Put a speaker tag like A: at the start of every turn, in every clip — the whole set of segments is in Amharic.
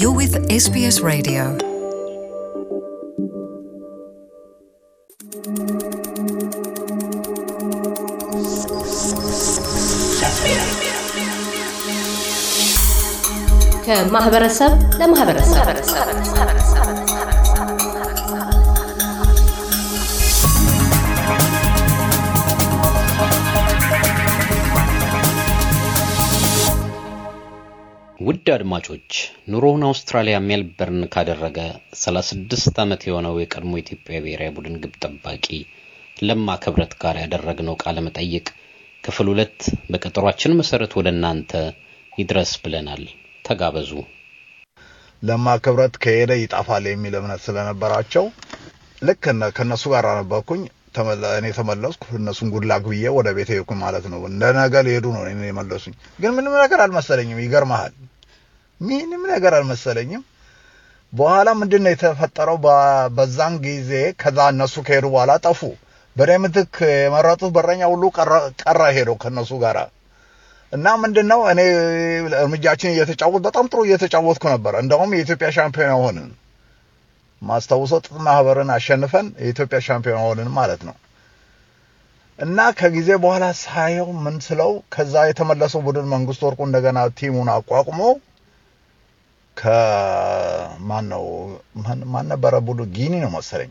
A: You're with SBS Radio. ከማህበረሰብ ለማህበረሰብ
B: ውድ አድማጮች ኑሮውን አውስትራሊያ ሜልበርን ካደረገ 36 ዓመት የሆነው የቀድሞ ኢትዮጵያ ብሔራዊ ቡድን ግብ ጠባቂ ለማ ክብረት ጋር ያደረግነው ቃለ መጠይቅ ክፍል ሁለት በቀጠሯችን መሰረት ወደ እናንተ ይድረስ ብለናል። ተጋበዙ።
A: ለማ ክብረት ከሄደ ይጣፋል የሚል እምነት ስለነበራቸው ልክ ከነሱ ጋር ነበርኩኝ። እኔ ተመለስኩ፣ እነሱን ጉድላክ ብዬ ወደ ቤት ሄድኩኝ ማለት ነው። እንደ ነገ ሊሄዱ ነው እኔ የመለሱኝ። ግን ምንም ነገር አልመሰለኝም። ይገርመሃል ምንም ነገር አልመሰለኝም። በኋላ ምንድን ነው የተፈጠረው? በዛን ጊዜ ከዛ እነሱ ከሄዱ በኋላ ጠፉ። በእኔ ምትክ የመረጡት በረኛ ሁሉ ቀረ ሄዶ ከእነሱ ጋር እና ምንድን ነው እኔ እርምጃችን እየተጫወት በጣም ጥሩ እየተጫወትኩ ነበር። እንደውም የኢትዮጵያ ሻምፒዮና ሆንን። ማስታውሰው ጥጥ ማህበርን አሸንፈን የኢትዮጵያ ሻምፒዮና ሆንን ማለት ነው። እና ከጊዜ በኋላ ሳየው ምን ስለው ከዛ የተመለሰው ቡድን መንግስት ወርቁ እንደገና ቲሙን አቋቁሞ ከማን ነው ማን ነበረ ቡድ ጊኒ ነው መሰለኝ።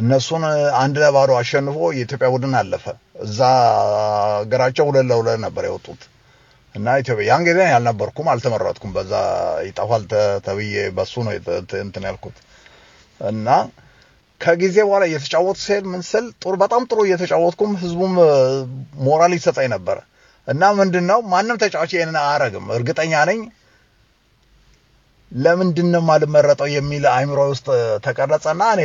A: እነሱን አንድ ለባዶ አሸንፎ የኢትዮጵያ ቡድን አለፈ። እዛ ሀገራቸው ሁለት ለሁለት ነበር የወጡት እና ኢትዮጵያ ያን ጊዜ ያልነበርኩም አልተመረጥኩም። በዛ ይጠፋል ተብዬ በሱ ነው እንትን ያልኩት እና ከጊዜ በኋላ እየተጫወቱ ሲሄድ ምን ስል ጥሩ በጣም ጥሩ እየተጫወትኩም ህዝቡም ሞራል ይሰጠኝ ነበር እና ምንድን ነው ማንም ተጫዋች ይህንን አያረግም እርግጠኛ ነኝ ለምንድነው የማልመረጠው የሚል አይምሮ ውስጥ ተቀረጸና እኔ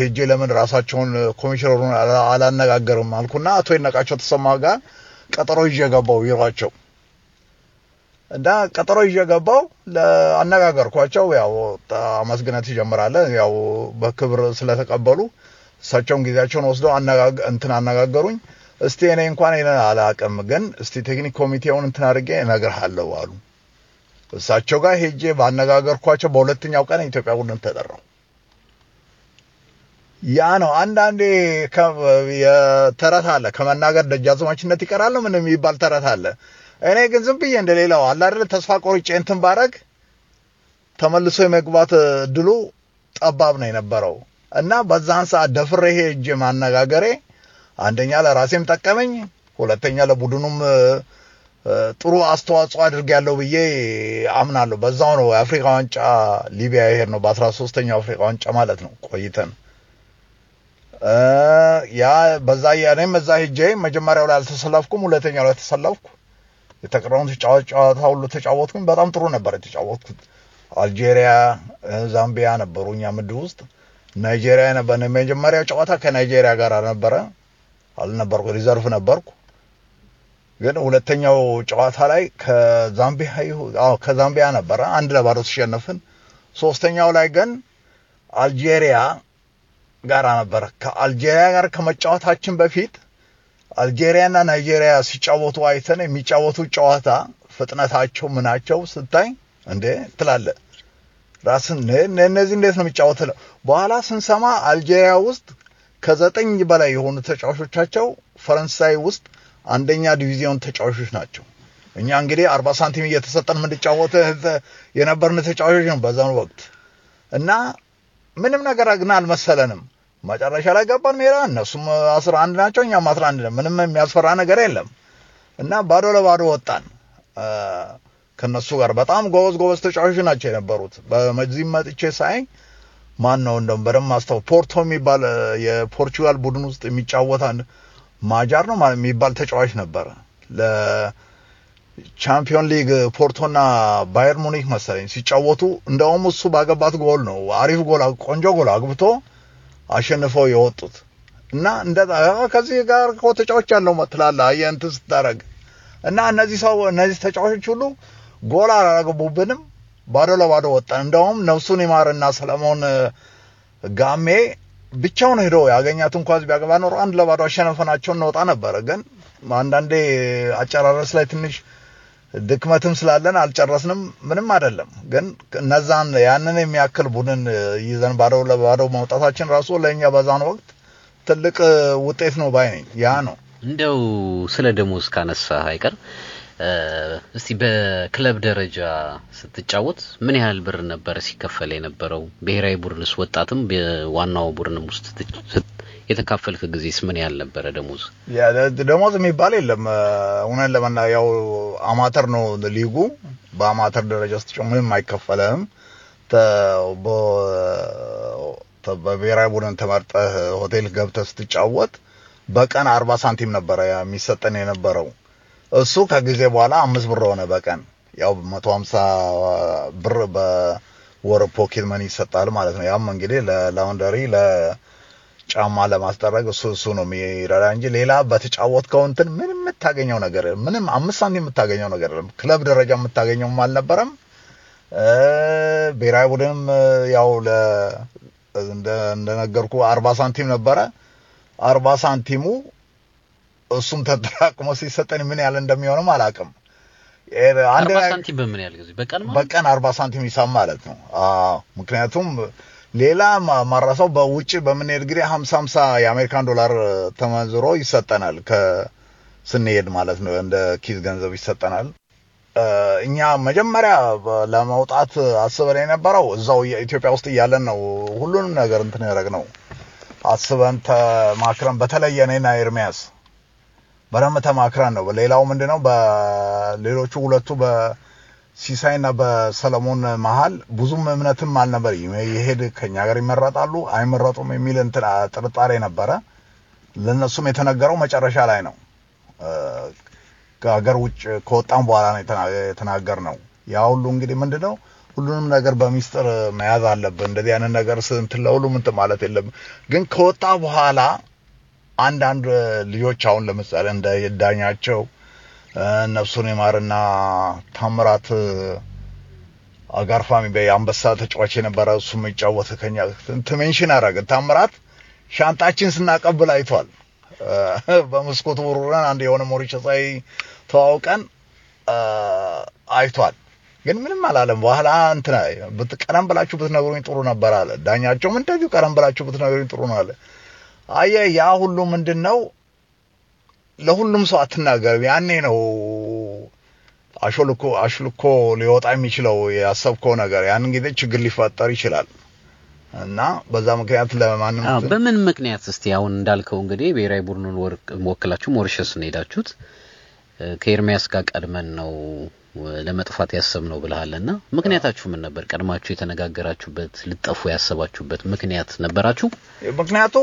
A: ሄጄ ለምን ራሳቸውን ኮሚሽነሩን አላነጋገርም አልኩና አቶ ይነቃቸው ተሰማ ጋር ቀጠሮ ይዤ ገባው ቢሯቸው እና ቀጠሮ ይዤ ገባው ለአነጋገርኳቸው። ያው ማመስገን ትጀምራለህ። ያው በክብር ስለተቀበሉ እሳቸውም ጊዜያቸውን ወስደው እንትን አነጋገሩኝ። እስቲ እኔ እንኳን ይሄን አላቅም፣ ግን እስቲ ቴክኒክ ኮሚቴውን እንትን አድርጌ እነግርሃለሁ አሉ። እሳቸው ጋር ሄጄ ባነጋገርኳቸው በሁለተኛው ቀን ኢትዮጵያ ቡድን ተጠራው። ያ ነው አንዳንዴ የተረት አለ ከመናገር ደጃዝማችነት ይቀራል ምን የሚባል ተረት አለ። እኔ ግን ዝም ብዬ እንደሌላው አለ አይደል ተስፋ ቆርጬ እንትን ባረግ ተመልሶ የመግባት እድሉ ጠባብ ነው የነበረው እና በዛን ሰዓት ደፍሬ ሄጄ ማነጋገሬ አንደኛ ለራሴም ጠቀመኝ፣ ሁለተኛ ለቡድኑም ጥሩ አስተዋጽኦ አድርግ ያለው ብዬ አምናለሁ። በዛው ነው የአፍሪካ ዋንጫ ሊቢያ ይሄድ ነው በአስራ ሶስተኛው አፍሪካ ዋንጫ ማለት ነው ቆይተን ያ በዛ እኔም እዛ ሄጄ መጀመሪያው ላይ አልተሰለፍኩም፣ ሁለተኛው ላይ ተሰለፍኩ። የተቀረውን ጨዋታ ሁሉ ተጫወትኩኝ። በጣም ጥሩ ነበር የተጫወትኩት። አልጄሪያ፣ ዛምቢያ ነበሩ እኛ ምድብ ውስጥ። ናይጄሪያ ነበር መጀመሪያው ጨዋታ ከናይጄሪያ ጋር ነበረ። አልነበርኩ ሪዘርቭ ነበርኩ። ግን ሁለተኛው ጨዋታ ላይ ከዛምቢያ አዎ ከዛምቢያ ነበረ አንድ ለባዶ ተሸነፍን። ሶስተኛው ላይ ግን አልጄሪያ ጋር ነበረ። ከአልጄሪያ ጋር ከመጫወታችን በፊት አልጄሪያና ናይጄሪያ ሲጫወቱ አይተን የሚጫወቱ ጨዋታ ፍጥነታቸው ምናቸው ስታይ እንዴ ትላለ ራስን እነዚህ እንዴት ነው የሚጫወት? በኋላ ስንሰማ አልጄሪያ ውስጥ ከዘጠኝ በላይ የሆኑ ተጫዋቾቻቸው ፈረንሳይ ውስጥ አንደኛ ዲቪዚዮን ተጫዋቾች ናቸው። እኛ እንግዲህ አርባ ሳንቲም እየተሰጠን የምንጫወት የነበርን ተጫዋቾች ነው በዛን ወቅት እና ምንም ነገር ግን አልመሰለንም። መጨረሻ ላይ ገባን ሜዳ። እነሱም አስራ አንድ ናቸው፣ እኛም አስራ አንድ ነን። ምንም የሚያስፈራ ነገር የለም እና ባዶ ለባዶ ወጣን ከነሱ ጋር በጣም ጎበዝ ጎበዝ ተጫዋቾች ናቸው የነበሩት። በዚህ መጥቼ ሳይ ማን ነው እንደም በደንብ ማስታወ ፖርቶ የሚባል የፖርቹጋል ቡድን ውስጥ የሚጫወታን ማጃር ነው የሚባል ተጫዋች ነበረ። ለቻምፒዮን ሊግ ፖርቶና ባየር ሙኒክ መሰለኝ ሲጫወቱ፣ እንደውም እሱ ባገባት ጎል ነው አሪፍ ጎል፣ ቆንጆ ጎል አግብቶ አሸንፈው የወጡት እና እንደ ከዚህ ጋር እኮ ተጫዋች ያለው ትላለህ አየንት ስታረግ እና እነዚህ ሰው እነዚህ ተጫዋቾች ሁሉ ጎል አላገቡብንም፣ ባዶ ለባዶ ወጣን። እንደውም ነፍሱን ይማርና ሰለሞን ጋሜ ብቻውን ሄዶ ያገኛትን ኳስ ቢያገባ ኖሮ አንድ ለባዶ አሸነፈናቸው እንወጣ ነበረ። ግን አንዳንዴ አጨራረስ ላይ ትንሽ ድክመትም ስላለን አልጨረስንም። ምንም አይደለም። ግን እነዛን ያንን የሚያክል ቡድን ይዘን ባዶ ለባዶ መውጣታችን ራሱ ለእኛ በዛን ወቅት ትልቅ ውጤት ነው ባይ ነኝ። ያ ነው
B: እንደው ስለ ደሞዝ ካነሳ አይቀር እስቲ በክለብ ደረጃ ስትጫወት ምን ያህል ብር ነበር ሲከፈል የነበረው? ብሔራዊ ቡድንስ ወጣትም ዋናው ቡድንም ውስጥ የተካፈልክ ጊዜስ ምን ያህል ነበረ ደሞዝ?
A: ደሞዝ የሚባል የለም። እውነን ለመና ያው አማተር ነው ሊጉ። በአማተር ደረጃ ስትጫወት ምንም አይከፈልህም። በብሔራዊ ቡድን ተመርጠህ ሆቴል ገብተህ ስትጫወት በቀን አርባ ሳንቲም ነበረ የሚሰጠን የነበረው እሱ ከጊዜ በኋላ አምስት ብር ሆነ በቀን ያው 150 ብር በወር ፖኬት መኒ ይሰጣል ማለት ነው። ያም እንግዲህ ለላውንደሪ ለጫማ ለማስጠረግ እሱ እሱ ነው የሚረዳ እንጂ ሌላ በተጫወትከው እንትን ምንም የምታገኘው ነገር ምንም አምስት ሳንቲም የምታገኘው ነገር ክለብ ደረጃ የምታገኘውም አልነበረም። ብሔራዊ ቡድንም ያው እንደነገርኩ አርባ ሳንቲም ነበረ። አርባ ሳንቲሙ እሱም ተጠራቅሞ ሲሰጠን ምን ያህል እንደሚሆንም አላውቅም። አርባ ሳንቲም በምን ያህል ጊዜ በቀን በቀን አርባ ሳንቲም ሂሳብ ማለት ነው። ምክንያቱም ሌላ ማራሰው በውጭ በምንሄድ ጊዜ ሀምሳ ሀምሳ የአሜሪካን ዶላር ተመንዝሮ ይሰጠናል ከስንሄድ ማለት ነው። እንደ ኪስ ገንዘብ ይሰጠናል። እኛ መጀመሪያ ለመውጣት አስበን የነበረው እዛው ኢትዮጵያ ውስጥ እያለን ነው። ሁሉንም ነገር እንትን ያደረግ ነው አስበን ተማክረን፣ በተለየ እኔና ኤርሚያስ በደንብ ተማክረን ነው። ሌላው ምንድነው በሌሎቹ ሁለቱ በሲሳይና በሰለሞን መሀል ብዙም እምነትም አልነበር። ይሄድ ከኛ ጋር ይመረጣሉ አይመረጡም የሚል እንትን ጥርጣሬ ነበረ። ለነሱም የተነገረው መጨረሻ ላይ ነው። ከሀገር ውጭ ከወጣም በኋላ ነው የተናገር ነው። ያ ሁሉ እንግዲህ ምንድነው ሁሉንም ነገር በሚስጥር መያዝ አለብን። እንደዚህ አይነት ነገር ስንት ለሁሉም እንትን ማለት የለም ግን ከወጣ በኋላ አንዳንድ ልጆች አሁን ለምሳሌ እንደ ዳኛቸው ነፍሱን ይማርና ታምራት አጋርፋሚ በአንበሳ ተጫዋች የነበረ እሱ የሚጫወት ከኛ ትሜንሽን አደረገ። ታምራት ሻንጣችን ስናቀብል አይቷል። በመስኮት ውሩረን አንድ የሆነ ሞሪሸሳዊ ተዋውቀን አይቷል። ግን ምንም አላለም። በኋላ እንትን ቀደም ብላችሁ ብትነግሩኝ ጥሩ ነበር አለ ዳኛቸውም። እንደዚሁ ቀደም ብላችሁ ብትነግሩኝ ጥሩ ነው አለ። አየ ያ ሁሉ ምንድን ነው? ለሁሉም ሰው አትናገርም። ያኔ ነው አሾልኮ አሽልኮ ሊወጣ የሚችለው ያሰብከው ነገር። ያን ጊዜ ችግር ሊፈጠር ይችላል እና በዛ ምክንያት ለማንም በምን
B: ምክንያት እስቲ አሁን እንዳልከው እንግዲህ ብሔራዊ ቡድኑን ወክላችሁ ሞሪሸስ ነው ሄዳችሁት። ከኤርሚያስ ጋር ቀድመን ነው ለመጥፋት ያሰብ ነው ብለሃል እና ምክንያታችሁ ምን ነበር? ቀድማችሁ የተነጋገራችሁበት ልጠፉ ያሰባችሁበት ምክንያት ነበራችሁ?
A: ምክንያቱ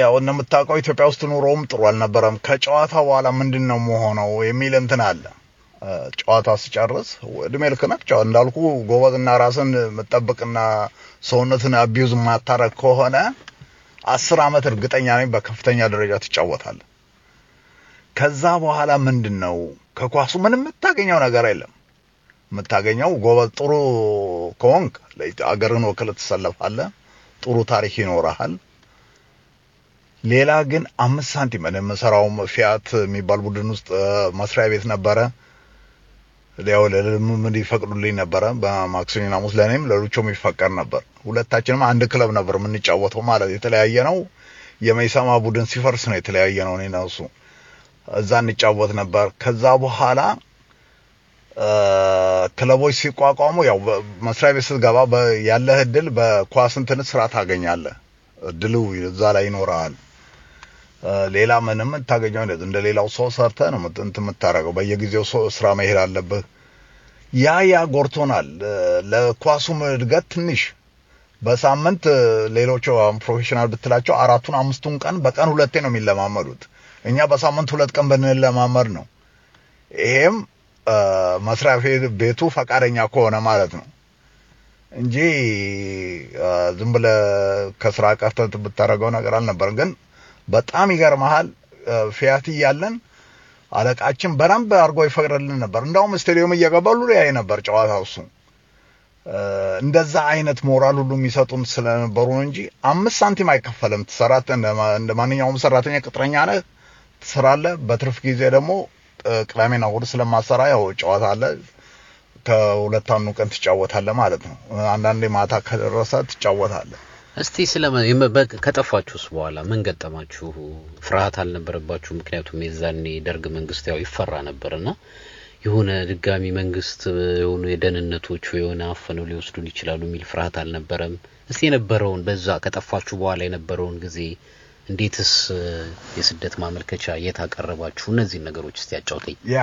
A: ያው እንደምታውቀው ኢትዮጵያ ውስጥ ኑሮውም ጥሩ አልነበረም። ከጨዋታ በኋላ ምንድን ነው መሆነው የሚል እንትን አለ። ጨዋታ ስጨርስ እድሜ ልክ ነህ እንዳልኩ ጎበዝና ራስን መጠበቅና ሰውነትን አቢዩዝ ማታረግ ከሆነ አስር አመት እርግጠኛ ነኝ በከፍተኛ ደረጃ ትጫወታለህ። ከዛ በኋላ ምንድን ነው ከኳሱ ምንም የምታገኘው ነገር የለም። የምታገኘው ጎበዝ፣ ጥሩ ከሆንክ አገርን ወክል ትሰለፋለህ። ጥሩ ታሪክ ይኖረሃል። ሌላ ግን አምስት ሳንቲም እኔ የምሰራውም ፊያት የሚባል ቡድን ውስጥ መስሪያ ቤት ነበረ። ያው ለልምምድ ይፈቅዱልኝ ነበረ በማክሰኞ ሐሙስ፣ ለእኔም ለሉቾም ይፈቀድ ነበር። ሁለታችንም አንድ ክለብ ነበር የምንጫወተው ማለት የተለያየ ነው። የመይሰማ ቡድን ሲፈርስ ነው የተለያየ ነው እኔና እሱ እዛ እንጫወት ነበር። ከዛ በኋላ ክለቦች ሲቋቋሙ ያው መስሪያ ቤት ስትገባ ያለህ እድል በኳስ እንትን ስራ ታገኛለህ። እድሉ እዛ ላይ ይኖርሃል። ሌላ ምንም የምታገኘው እንደ ሌላው ሰው ሰርተ ነው እንትን የምታደርገው። በየጊዜው ስራ መሄድ አለብህ። ያ ያ ጎርቶናል። ለኳሱም እድገት ትንሽ በሳምንት ሌሎቹ ፕሮፌሽናል ብትላቸው አራቱን አምስቱን ቀን በቀን ሁለቴ ነው የሚለማመዱት። እኛ በሳምንት ሁለት ቀን ብንለማመድ ነው። ይሄም መስሪያ ቤቱ ፈቃደኛ ከሆነ ማለት ነው እንጂ ዝም ብለህ ከስራ ቀርተህ ብታደርገው ነገር አልነበረም። ግን በጣም ይገርመሃል ፊያት እያለን አለቃችን በደንብ አድርጎ ይፈቅድልን ነበር። እንዳውም ስቴዲየም እየገባ ሁሉ ያይ ነበር ጨዋታው እሱ እንደዛ አይነት ሞራል ሁሉ የሚሰጡን ስለነበሩ እንጂ አምስት ሳንቲም አይከፈልም። ሰራት እንደ ማንኛውም ሰራተኛ ቅጥረኛ ነህ ስራ አለ። በትርፍ ጊዜ ደግሞ ቅዳሜና እሑድ ስለማሰራ ያው ጨዋታ አለ። ከሁለት አንዱ ቀን ትጫወታለህ ማለት ነው። አንዳንዴ ማታ ከደረሰ ትጫወታለ
B: እስቲ ስለ ከጠፋችሁስ በኋላ ምን ገጠማችሁ? ፍርሃት አልነበረባችሁ? ምክንያቱም የዛኔ ደርግ መንግስት ያው ይፈራ ነበርና የሆነ ድጋሚ መንግስት የሆኑ የደህንነቶቹ የሆነ አፈነው ሊወስዱን ይችላሉ የሚል ፍርሃት አልነበረም? እስቲ የነበረውን በዛ ከጠፋችሁ በኋላ የነበረውን ጊዜ እንዴትስ የስደት ማመልከቻ የት አቀረባችሁ? እነዚህን ነገሮች እስቲ ያጫውተኝ።
A: ያ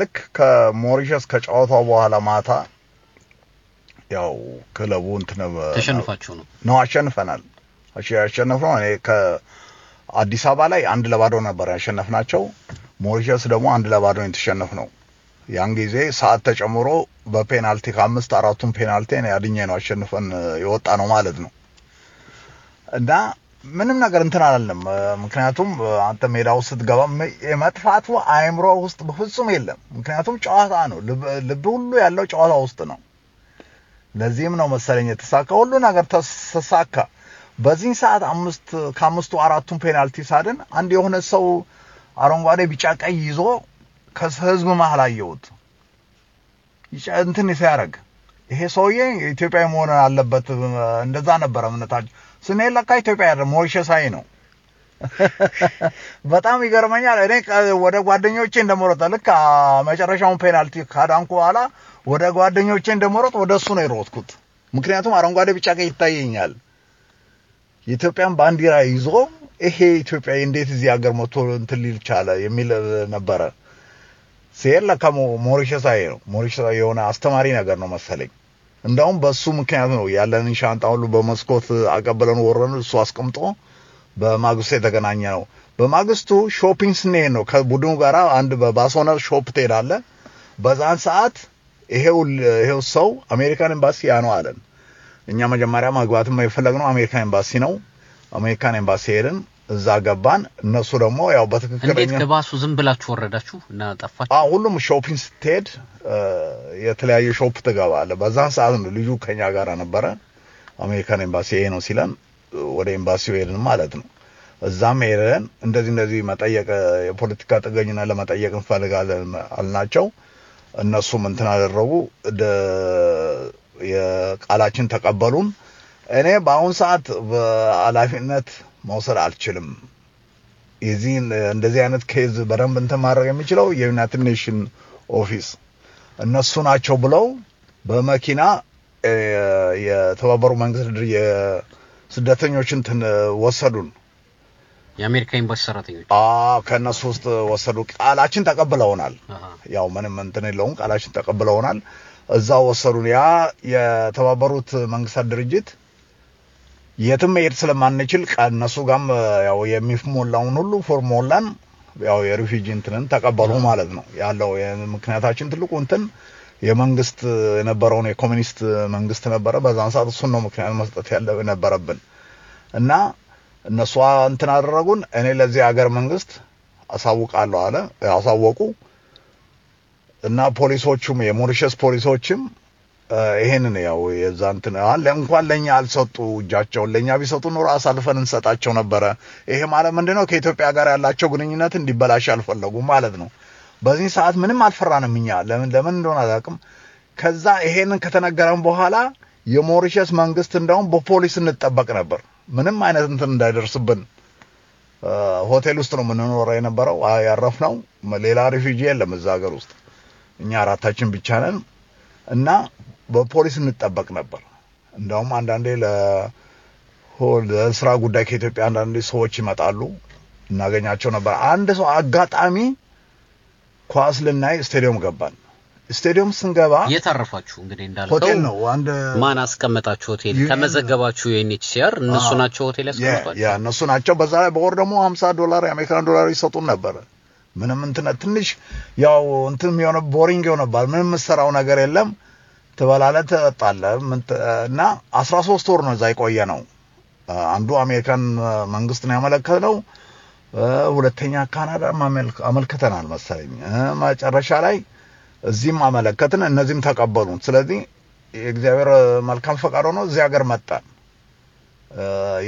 A: ልክ ከሞሪሸስ ከጨዋታው በኋላ ማታ ያው ክለቡ እንትን ተሸንፋችሁ ነው? ነው አሸንፈናል። እሺ ያሸነፍነው እኔ ከአዲስ አበባ ላይ አንድ ለባዶ ነበር ያሸነፍናቸው። ሞሪሸስ ደግሞ አንድ ለባዶ ነው የተሸነፍነው ያን ጊዜ ሰዓት ተጨምሮ በፔናልቲ ከአምስት አራቱን ፔናልቲ አድኜ ነው አሸንፈን የወጣ ነው ማለት ነው። እና ምንም ነገር እንትን አላለም። ምክንያቱም አንተ ሜዳ ውስጥ ስትገባ የመጥፋቱ አእምሮ ውስጥ በፍጹም የለም። ምክንያቱም ጨዋታ ነው። ልብ ሁሉ ያለው ጨዋታ ውስጥ ነው። ለዚህም ነው መሰለኝ የተሳካ ሁሉ ነገር ተሳካ። በዚህ ሰዓት አምስት ከአምስቱ አራቱን ፔናልቲ ሳድን አንድ የሆነ ሰው አረንጓዴ፣ ቢጫ፣ ቀይ ይዞ ከህዝብ መሀል አየሁት እንትን ሲያደርግ ይሄ ሰውዬ ኢትዮጵያዊ መሆን አለበት። እንደዛ ነበረ እምነታቸው ስንለካ ለካ ኢትዮጵያ ያለ ሞሪሸሳዊ ነው። በጣም ይገርመኛል። እኔ ወደ ጓደኞቼ እንደመሮጠ ልክ መጨረሻውን ፔናልቲ ካዳንኩ በኋላ ወደ ጓደኞቼ እንደመሮጥ ወደ እሱ ነው የሮጥኩት። ምክንያቱም አረንጓዴ፣ ቢጫ፣ ቀይ ይታየኛል። የኢትዮጵያን ባንዲራ ይዞ ይሄ ኢትዮጵያ እንዴት እዚህ ሀገር መጥቶ እንትን ሊል ቻለ የሚል ነበረ። ሲሄድ ለካ ሞሪሸሳዊ ነው። ሞሪሸሳዊ የሆነ አስተማሪ ነገር ነው መሰለኝ እንዳውም በሱ ምክንያት ነው ያለንን ሻንጣ ሁሉ በመስኮት አቀበለን ወረን እሱ አስቀምጦ በማግስቱ የተገናኘ ነው። በማግስቱ ሾፒንግ ስንሄድ ነው ከቡድኑ ጋር አንድ በባሶነር ሾፕ ትሄዳለ በዛን ሰዓት ይሄው ሰው አሜሪካን ኤምባሲ ያ ነው አለን። እኛ መጀመሪያ መግባትም የፈለግነው አሜሪካን ኤምባሲ ነው። አሜሪካን ኤምባሲ ሄድን። እዛ ገባን። እነሱ ደግሞ ያው በትክክለኛ እንዴት
B: ከባሱ ዝም ብላችሁ ወረዳችሁ
A: እና ጠፋችሁ? አዎ ሁሉም ሾፒንግ ስትሄድ የተለያየ ሾፕ ትገባለህ። በዛን ሰዓት ነው ልጁ ከኛ ጋር ነበረ። አሜሪካን ኤምባሲ ይሄ ነው ሲለን ወደ ኤምባሲው ሄድን ማለት ነው። እዛም ሄደን እንደዚህ እንደዚህ መጠየቅ የፖለቲካ ጥገኝነት ለመጠየቅ እንፈልጋለን አልናቸው። እነሱም እንትን አደረጉ፣ የቃላችን ተቀበሉን። እኔ በአሁን ሰዓት በኃላፊነት መውሰድ አልችልም። የዚህን እንደዚህ አይነት ኬዝ በደንብ እንትን ማድረግ የሚችለው የዩናይትድ ኔሽን ኦፊስ እነሱ ናቸው ብለው በመኪና የተባበሩ መንግስት የስደተኞችን እንትን ወሰዱን።
B: የአሜሪካ ኤምባሲ ሰራተኞች
A: ከእነሱ ውስጥ ወሰዱ። ቃላችን ተቀብለውናል። ያው ምንም እንትን የለውም። ቃላችን ተቀብለውናል። እዛ ወሰዱን። ያ የተባበሩት መንግስታት ድርጅት የትም መሄድ ስለማንችል እነሱ ጋም ያው የሚሞላውን ሁሉ ፎርሞላን ያው የሪፊጂ እንትንን ተቀበሉ ማለት ነው ያለው። ምክንያታችን ትልቁ እንትን የመንግስት የነበረውን የኮሚኒስት መንግስት ነበረ። በዛን ሰዓት እሱን ነው ምክንያት መስጠት ያለ ነበረብን እና እነሷ እንትን አደረጉን። እኔ ለዚህ ሀገር መንግስት አሳውቃለሁ አለ አሳወቁ እና ፖሊሶቹም የሞሪሸስ ፖሊሶችም ይሄንን ያው የዛንትን እንኳን ለኛ አልሰጡ እጃቸውን ለኛ ቢሰጡ ኖሮ አሳልፈን እንሰጣቸው ነበረ። ይሄ ማለት ነው? ከኢትዮጵያ ጋር ያላቸው ግንኙነት እንዲበላሽ አልፈለጉም ማለት ነው። በዚህ ሰዓት ምንም አልፈራንም እኛ ለምን ለምን እንደሆነ አላውቅም። ከዛ ይሄንን ከተነገረን በኋላ የሞሪሸስ መንግስት እንደውም በፖሊስ እንጠበቅ ነበር፣ ምንም አይነት እንትን እንዳይደርስብን። ሆቴል ውስጥ ነው የምንኖረው የነበረው ያረፍነው። ሌላ ሪፊጂ የለም እዛ ሀገር ውስጥ እኛ አራታችን ብቻ ነን እና በፖሊስ እንጠበቅ ነበር። እንደውም አንዳንዴ ለስራ ጉዳይ ከኢትዮጵያ አንዳንዴ ሰዎች ይመጣሉ እናገኛቸው ነበር። አንድ ሰው አጋጣሚ ኳስ ልናይ ስቴዲየም ገባን። ስቴዲየም ስንገባ የታረፋችሁ እንግዲህ እንዳልከው ሆቴል ነው። አንድ
B: ማን አስቀመጣችሁ? ሆቴል ከመዘገባችሁ የኤንኤችሲአር እነሱ ናቸው ሆቴል ያስቀመጧችሁ። ያ
A: እነሱ ናቸው። በዛ ላይ በወር ደግሞ 50 ዶላር የአሜሪካን ዶላር ይሰጡን ነበር። ምንም እንትነ ትንሽ ያው እንትን የሆነ ቦሪንግ ይሆነባል። ምንም የምትሰራው ነገር የለም። ትበላለህ፣ ትጠጣለህ እና አስራ ሶስት ወር ነው እዛ የቆየ ነው። አንዱ አሜሪካን መንግስት ነው ያመለከተው። ሁለተኛ ካናዳ አመልክተናል መሰለኝ። መጨረሻ ላይ እዚህም አመለከትን፣ እነዚህም ተቀበሉን። ስለዚህ የእግዚአብሔር መልካም ፈቃድ ሆኖ እዚህ ሀገር መጣን።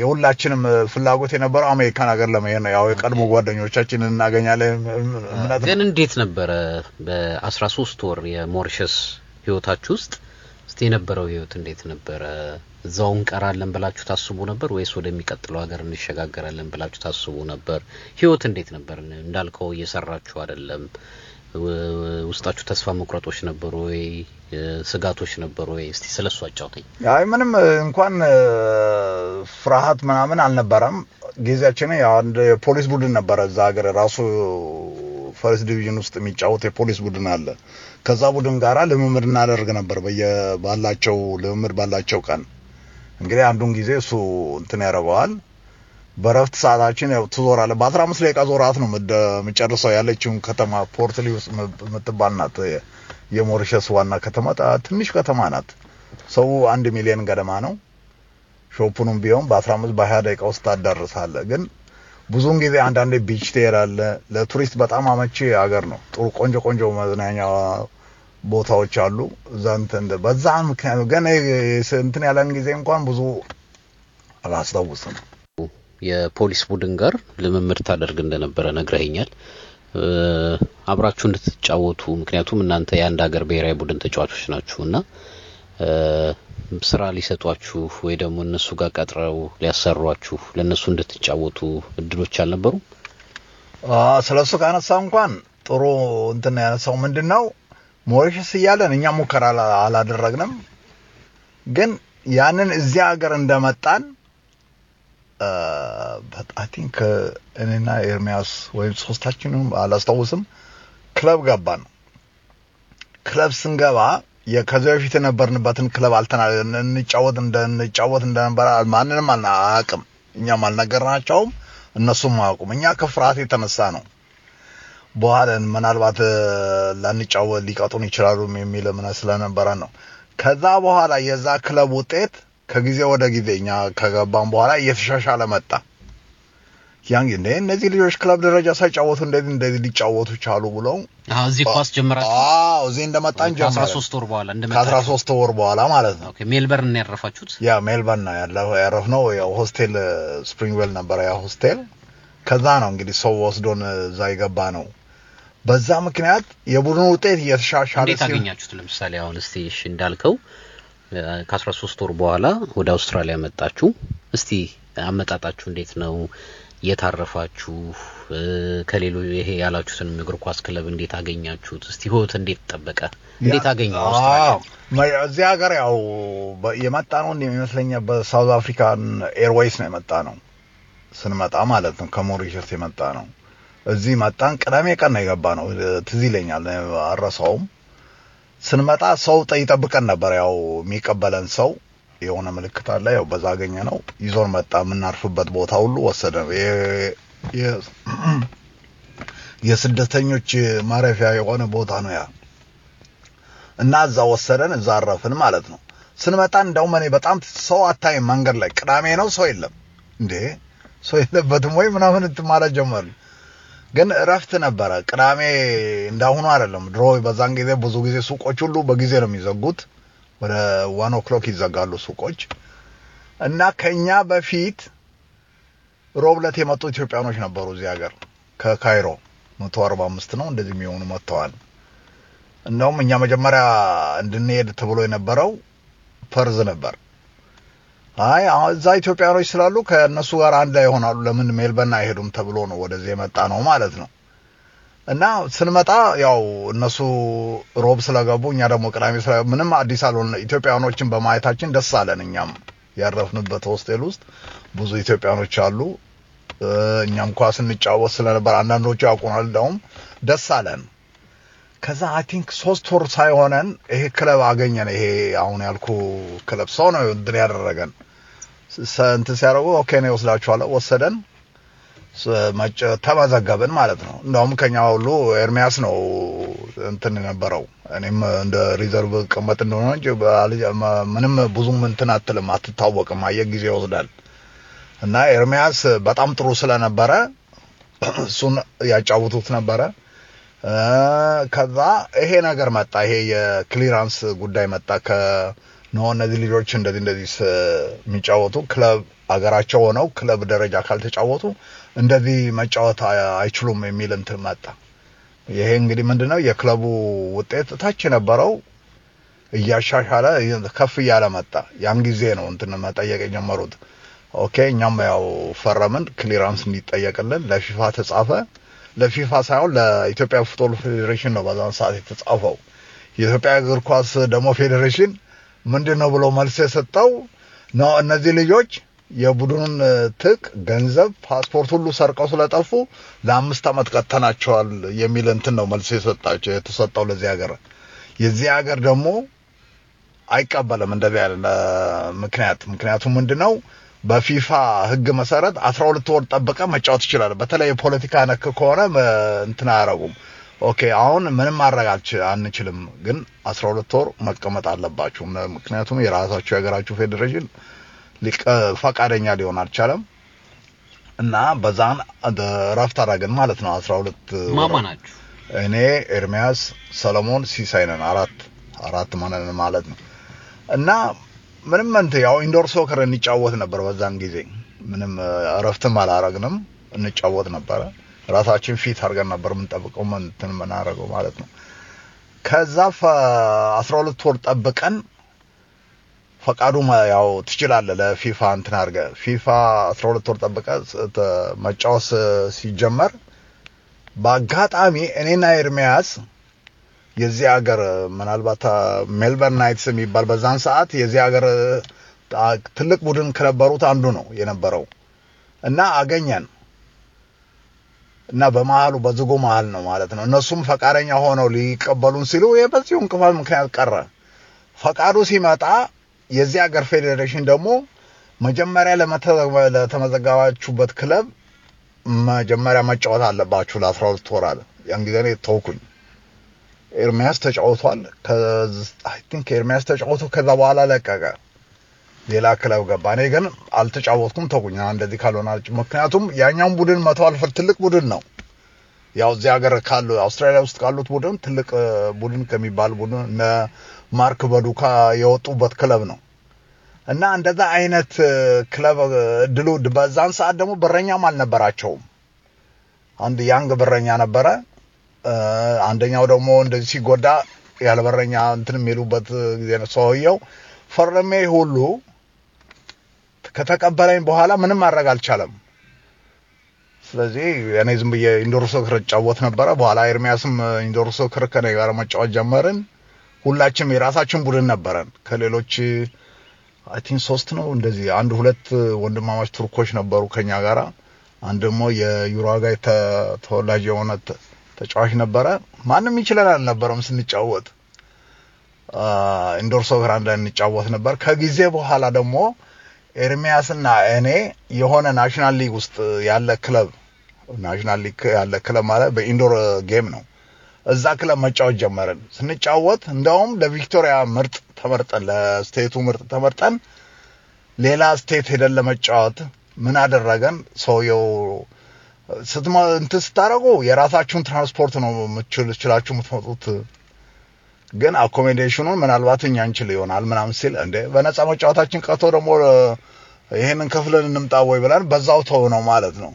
A: የሁላችንም ፍላጎት የነበረው አሜሪካን ሀገር ለመሄድ ነው። ያው የቀድሞ ጓደኞቻችን እናገኛለን። ግን
B: እንዴት ነበረ በአስራ ሶስት ወር የሞሪሸስ ህይወታችሁ ውስጥ እስቲ የነበረው ህይወት እንዴት ነበረ? እዛው እንቀራለን ብላችሁ ታስቡ ነበር ወይስ ወደሚቀጥለው ሀገር እንሸጋገራለን ብላችሁ ታስቡ ነበር? ህይወት እንዴት ነበር? እንዳልከው እየሰራችሁ አይደለም። ውስጣችሁ ተስፋ መቁረጦች ነበሩ ወይ? ስጋቶች ነበሩ ወይ? እስቲ ስለሱ አጫውተኝ።
A: አይ ምንም እንኳን ፍርሃት ምናምን አልነበረም። ጊዜያችን አንድ የፖሊስ ቡድን ነበረ እዛ ሀገር ራሱ ፈርስት ዲቪዥን ውስጥ የሚጫወት የፖሊስ ቡድን አለ። ከዛ ቡድን ጋራ ልምምድ እናደርግ ነበር ባላቸው ልምምድ ባላቸው ቀን እንግዲህ አንዱን ጊዜ እሱ እንትን ያደርገዋል። በረፍት ሰዓታችን ያው ትዞራለ በአስራ አምስት ደቂቃ ዞራት ነው የምጨርሰው። ያለችውን ከተማ ፖርት ሊውስ የምትባል ናት። የሞሪሸስ ዋና ከተማ ትንሽ ከተማ ናት። ሰው አንድ ሚሊዮን ገደማ ነው። ሾፑንም ቢሆን በአስራ አምስት በሀያ ደቂቃ ውስጥ ታዳርሳለህ ግን ብዙውን ጊዜ አንዳንዴ ቢች ትሄዳለህ። ለቱሪስት በጣም አመቺ ሀገር ነው። ጥሩ ቆንጆ ቆንጆ መዝናኛ ቦታዎች አሉ። እዛ በዛ ምክንያት ግን እንትን ያለን ጊዜ እንኳን ብዙ አላስታውስም።
B: የፖሊስ ቡድን ጋር ልምምድ ታደርግ እንደነበረ ነግረኸኛል። አብራችሁ እንድትጫወቱ ምክንያቱም እናንተ የአንድ ሀገር ብሔራዊ ቡድን ተጫዋቾች ናችሁ እና ስራ ሊሰጧችሁ ወይ ደግሞ እነሱ ጋር ቀጥረው ሊያሰሯችሁ ለእነሱ እንድትጫወቱ እድሎች አልነበሩም?
A: ስለ እሱ ካነሳ እንኳን ጥሩ እንትን ያነሳው ምንድን ነው ሞሪሽስ እያለን እኛ ሙከራ አላደረግንም፣ ግን ያንን እዚያ ሀገር እንደመጣን አይ እኔና ኤርሚያስ ወይም ሶስታችንም አላስታውስም ክለብ ገባን። ክለብ ስንገባ ከዚ በፊት የነበርንበትን ክለብ አልተናል እንጫወት እንደንጫወት እንደነበረ ማንንም አናቅም። እኛም አልነገርናቸውም፣ እነሱም አያውቁም። እኛ ከፍርሃት የተነሳ ነው። በኋላ ምናልባት ላንጫወት ሊቀጡን ይችላሉ የሚል እምነት ስለነበረ ነው። ከዛ በኋላ የዛ ክለብ ውጤት ከጊዜ ወደ ጊዜ እኛ ከገባን በኋላ እየተሻሻለ መጣ። ያን እንደ እነዚህ ልጆች ክለብ ደረጃ ሳይጫወቱ እንደዚህ እንደዚህ ሊጫወቱ ቻሉ ብለው እዚህ ኳስ ጀምራችሁ? አዎ እዚህ እንደመጣን ጀምረን ከ13 ወር በኋላ እንደመጣ ከ13 ወር በኋላ ማለት ነው። ኦኬ ሜልበርን ነው ያረፋችሁት? ያ ሜልበርን ነው ያለው ነው። ያው ሆስቴል ስፕሪንግዌል ነበረ ያ ሆስቴል። ከዛ ነው እንግዲህ ሰው ወስዶን እዛ የገባ ነው። በዛ ምክንያት የቡድኑ ውጤት እየተሻሻለ እንዴት አገኛችሁት?
B: ለምሳሌ አሁን እስቲ እሺ እንዳልከው ከ13 ወር በኋላ ወደ አውስትራሊያ መጣችሁ። እስቲ አመጣጣችሁ እንዴት ነው? የታረፋችሁ ከሌሎ ይሄ ያላችሁትን እግር ኳስ ክለብ እንዴት አገኛችሁት? እስቲ ህይወት እንዴት ጠበቀ? እንዴት አገኘ?
A: እዚህ ሀገር ያው የመጣ ነው እንደሚመስለኝ በሳውዝ አፍሪካን ኤርዌይስ ነው የመጣ ነው ስንመጣ ማለት ነው። ከሞሪሸስ የመጣ ነው። እዚህ መጣን። ቅዳሜ ቀን ነው የገባ ነው። ትዝ ይለኛል፣ አረሳውም። ስንመጣ ሰው ይጠብቀን ነበር፣ ያው የሚቀበለን ሰው የሆነ ምልክት አለ። ያው በዛ አገኘ ነው ይዞን መጣ። የምናርፍበት ቦታ ሁሉ ወሰደ። የስደተኞች ማረፊያ የሆነ ቦታ ነው ያ እና እዛ ወሰደን፣ እዛ አረፍን ማለት ነው። ስንመጣ እንዳውም እኔ በጣም ሰው አታይም መንገድ ላይ ቅዳሜ ነው ሰው የለም እንዴ ሰው የለበትም ወይ ምናምን እንትን ማለት ጀመር። ግን እረፍት ነበረ ቅዳሜ እንዳሁኑ አይደለም። ድሮ በዛን ጊዜ ብዙ ጊዜ ሱቆች ሁሉ በጊዜ ነው የሚዘጉት። ወደ ዋን ኦክሎክ ይዘጋሉ ሱቆች እና ከኛ በፊት ሮብለት የመጡ ኢትዮጵያኖች ነበሩ እዚህ ሀገር ከካይሮ መቶ አርባ አምስት ነው እንደዚህ የሚሆኑ መጥተዋል። እንደውም እኛ መጀመሪያ እንድንሄድ ተብሎ የነበረው ፐርዝ ነበር። አይ እዛ ኢትዮጵያኖች ስላሉ ከእነሱ ጋር አንድ ላይ ይሆናሉ፣ ለምን ሜልበርን አይሄዱም ተብሎ ነው ወደዚህ የመጣ ነው ማለት ነው። እና ስንመጣ ያው እነሱ ሮብ ስለገቡ እኛ ደግሞ ቅዳሜ ምንም አዲስ አልሆነ። ኢትዮጵያኖችን በማየታችን ደስ አለን። እኛም ያረፍንበት ሆስቴል ውስጥ ብዙ ኢትዮጵያኖች አሉ። እኛም ኳስ ስንጫወት ስለነበር አንዳንዶቹ ያውቁናል። እንደውም ደስ አለን። ከዛ አይ ቲንክ ሶስት ወር ሳይሆነን ይሄ ክለብ አገኘን። ይሄ አሁን ያልኩ ክለብ ሰው ነው እንትን ያደረገን እንትን ሲያደርጉ ኦኬ ነው ይወስዳችኋለሁ ወሰደን ተመዘገብን ማለት ነው። እንደውም ከኛ ሁሉ ኤርሚያስ ነው እንትን የነበረው። እኔም እንደ ሪዘርቭ ቅመጥ እንደሆነ እንጂ ምንም ብዙም እንትን አትልም፣ አትታወቅም። አየህ ጊዜ ይወስዳል እና ኤርሚያስ በጣም ጥሩ ስለነበረ እሱን ያጫውቱት ነበረ። ከዛ ይሄ ነገር መጣ፣ ይሄ የክሊራንስ ጉዳይ መጣ። ነው እነዚህ ልጆች እንደዚህ እንደዚህ የሚጫወቱ ክለብ አገራቸው ሆነው ክለብ ደረጃ ካልተጫወቱ እንደዚህ መጫወት አይችሉም የሚል እንትን መጣ። ይሄ እንግዲህ ምንድነው ነው የክለቡ ውጤት ታች የነበረው እያሻሻለ ከፍ እያለ መጣ። ያን ጊዜ ነው እንትን መጠየቅ የጀመሩት። ኦኬ እኛም ያው ፈረምን ክሊራንስ እንዲጠየቅልን ለፊፋ ተጻፈ። ለፊፋ ሳይሆን ለኢትዮጵያ ፉትቦል ፌዴሬሽን ነው በዛን ሰዓት የተጻፈው። የኢትዮጵያ እግር ኳስ ደግሞ ፌዴሬሽን ምንድን ነው ብሎ መልስ የሰጠው ነው እነዚህ ልጆች የቡድኑን ትቅ ገንዘብ፣ ፓስፖርት ሁሉ ሰርቀው ስለጠፉ ለአምስት ዓመት ቀጥተናቸዋል የሚል እንትን ነው መልስ የሰጣቸው የተሰጠው ለዚህ ሀገር። የዚህ ሀገር ደግሞ አይቀበልም እንደዚህ ያለ ምክንያት። ምክንያቱም ምንድን ነው በፊፋ ህግ መሰረት አስራ ሁለት ወር ጠብቀ መጫወት ይችላል። በተለይ የፖለቲካ ነክ ከሆነ እንትን አያረጉም። ኦኬ አሁን ምንም ማድረግ አንችልም፣ ግን አስራ ሁለት ወር መቀመጥ አለባችሁ። ምክንያቱም የራሳችሁ የሀገራችሁ ፌዴሬሽን ፈቃደኛ ሊሆን አልቻለም እና በዛን ረፍት አደረግን ማለት ነው። አስራ ሁለት እኔ ኤርሚያስ፣ ሰለሞን፣ ሲሳይ ነን። አራት አራት ማነን ማለት ነው እና ምንም እንትን ያው ኢንዶር ሶከር እንጫወት ነበር በዛን ጊዜ ምንም እረፍትም አላረግንም እንጫወት ነበረ። ራሳችን ፊት አድርገን ነበር የምንጠብቀው እንትን የምናደርገው ማለት ነው። ከዛ አስራ ሁለት ወር ጠብቀን ፈቃዱ ያው ትችላለህ ለፊፋ እንትን አድርገህ ፊፋ 12 ወር ጠብቀህ መጫወት ሲጀመር በአጋጣሚ እኔና ኤርሚያስ የዚህ ሀገር ምናልባት ሜልበርን ናይትስ የሚባል በዛን ሰዓት የዚህ ሀገር ትልቅ ቡድን ከነበሩት አንዱ ነው የነበረው እና አገኘን። እና በመሃሉ በዝጉ መሃል ነው ማለት ነው። እነሱም ፈቃደኛ ሆነው ሊቀበሉን ሲሉ የበዚሁ እንቅፋት ምክንያት ቀረ። ፈቃዱ ሲመጣ የዚህ ሀገር ፌዴሬሽን ደግሞ መጀመሪያ ለተመዘገባችሁበት ክለብ መጀመሪያ መጫወት አለባችሁ ለአስራ ሁለት ወር አለ። ያን ጊዜ እኔ ተውኩኝ። ኤርሚያስ ተጫውቷል። ኤርሚያስ ተጫውቶ ከዛ በኋላ ለቀቀ። ሌላ ክለብ ገባ። እኔ ግን አልተጫወትኩም፣ ተጉኝ እንደዚህ ካልሆነ አልጭ ምክንያቱም ያኛውን ቡድን መቶ አልፈል ትልቅ ቡድን ነው። ያው እዚህ ሀገር ካሉ አውስትራሊያ ውስጥ ካሉት ቡድን ትልቅ ቡድን ከሚባል ቡድን እነ ማርክ በዱካ የወጡበት ክለብ ነው እና እንደዛ አይነት ክለብ ድሉ በዛን ሰዓት ደግሞ በረኛም አልነበራቸውም። አንድ ያንግ በረኛ ነበረ። አንደኛው ደግሞ እንደዚህ ሲጎዳ ያለ በረኛ እንትን የሚሉበት ጊዜ ነው ሰውየው ፈርሜ ሁሉ ከተቀበለኝ በኋላ ምንም ማድረግ አልቻለም። ስለዚህ እኔ ዝም ብዬ ኢንዶር ሶክር እጫወት ነበረ። በኋላ ኤርሚያስም ኢንዶር ሶክር ከኔ ጋር መጫወት ጀመርን። ሁላችንም የራሳችን ቡድን ነበረን። ከሌሎች አይ ቲንክ ሶስት ነው እንደዚህ አንድ ሁለት ወንድማማች ቱርኮች ነበሩ ከኛ ጋር አንድ ደግሞ የዩራጋይ ተወላጅ የሆነ ተጫዋች ነበረ። ማንም ይችለን አልነበረም ስንጫወት ኢንዶር ሶክር አንድ ላይ እንጫወት ነበር። ከጊዜ በኋላ ደግሞ ኤርሚያስና እኔ የሆነ ናሽናል ሊግ ውስጥ ያለ ክለብ ናሽናል ሊግ ያለ ክለብ ማለት በኢንዶር ጌም ነው። እዛ ክለብ መጫወት ጀመርን። ስንጫወት እንደውም ለቪክቶሪያ ምርጥ ተመርጠን ለስቴቱ ምርጥ ተመርጠን ሌላ ስቴት ሄደን ለመጫወት ምን አደረገን ሰውየው ስትማ እንትን ስታደርጉ የራሳችሁን ትራንስፖርት ነው ችላችሁ የምትመጡት ግን አኮሜዴሽኑን ምናልባት እኛ እንችል ይሆናል ምናምን ሲል እንደ በነፃ መጫወታችን ቀርቶ ደግሞ ይሄንን ክፍልን እንምጣ ወይ ብለን በዛው ተው ነው ማለት ነው።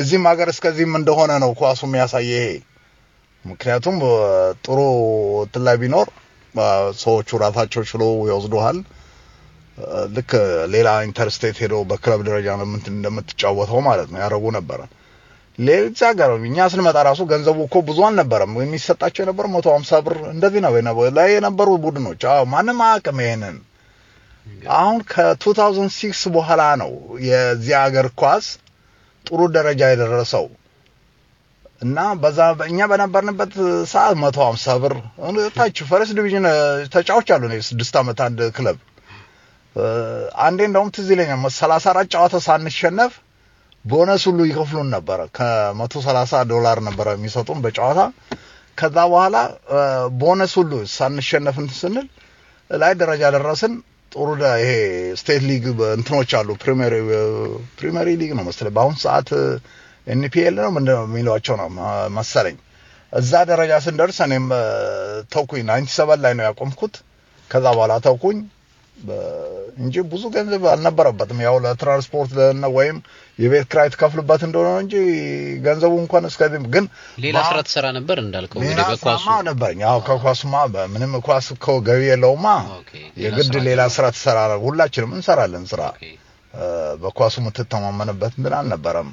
A: እዚህም ሀገር እስከዚህም እንደሆነ ነው ኳሱ የሚያሳየ ይሄ። ምክንያቱም ጥሩ እንትን ላይ ቢኖር ሰዎቹ ራሳቸው ችሎ ይወስዱሃል። ልክ ሌላ ኢንተርስቴት ሄዶ በክለብ ደረጃ እንደምትጫወተው ማለት ነው ያደረጉ ነበር። ለዛ ጋር እኛ ስንመጣ ራሱ ገንዘቡ እኮ ብዙ አልነበረም የሚሰጣቸው የነበረ 150 ብር እንደዚህ ነው የነበሩ ላይ የነበሩ ቡድኖች። አዎ ማንም አያውቅም ይሄንን። አሁን ከ2006 በኋላ ነው የዚህ ሀገር ኳስ ጥሩ ደረጃ የደረሰው እና በዛ እኛ በነበርንበት ሰዓት 150 ብር ታች ፈረስ ዲቪዥን ተጫውቻለሁ ነው ስድስት ዓመት አንድ ክለብ አንዴ እንደውም ትዝ ይለኛል አራት ጨዋታ ሳንሸነፍ ቦነስ ሁሉ ይከፍሉን ነበረ። ከመቶ ሰላሳ ዶላር ነበረ የሚሰጡን በጨዋታ ከዛ በኋላ ቦነስ ሁሉ ሳንሸነፍን ስንል ላይ ደረጃ ደረስን። ጥሩ ይሄ ስቴት ሊግ እንትኖች አሉ። ፕሪሚየር ሊግ ነው መሰለኝ በአሁን ሰዓት ኤንፒኤል ነው ምንድን ነው የሚሏቸው ነው መሰለኝ። እዛ ደረጃ ስንደርስ እኔም ተውኩኝ። ናይንቲ ሰቨን ላይ ነው ያቆምኩት። ከዛ በኋላ ተኩኝ እንጂ ብዙ ገንዘብ አልነበረበትም። ያው ለትራንስፖርት ወይም የቤት ኪራይ ትከፍልበት እንደሆነ እንጂ ገንዘቡ እንኳን እስከዚህም ግን
B: ሌላ ስራ ትሰራ ነበር እንዳልከው እንግዲህ
A: በኳሱ ነበረኝ። አዎ ከኳሱማ ምንም ኳስ እኮ ገቢ የለውማ የግድ ሌላ ስራ ትሰራ። ሁላችንም እንሰራለን ስራ። በኳሱ የምትተማመንበት እንትን አልነበረም።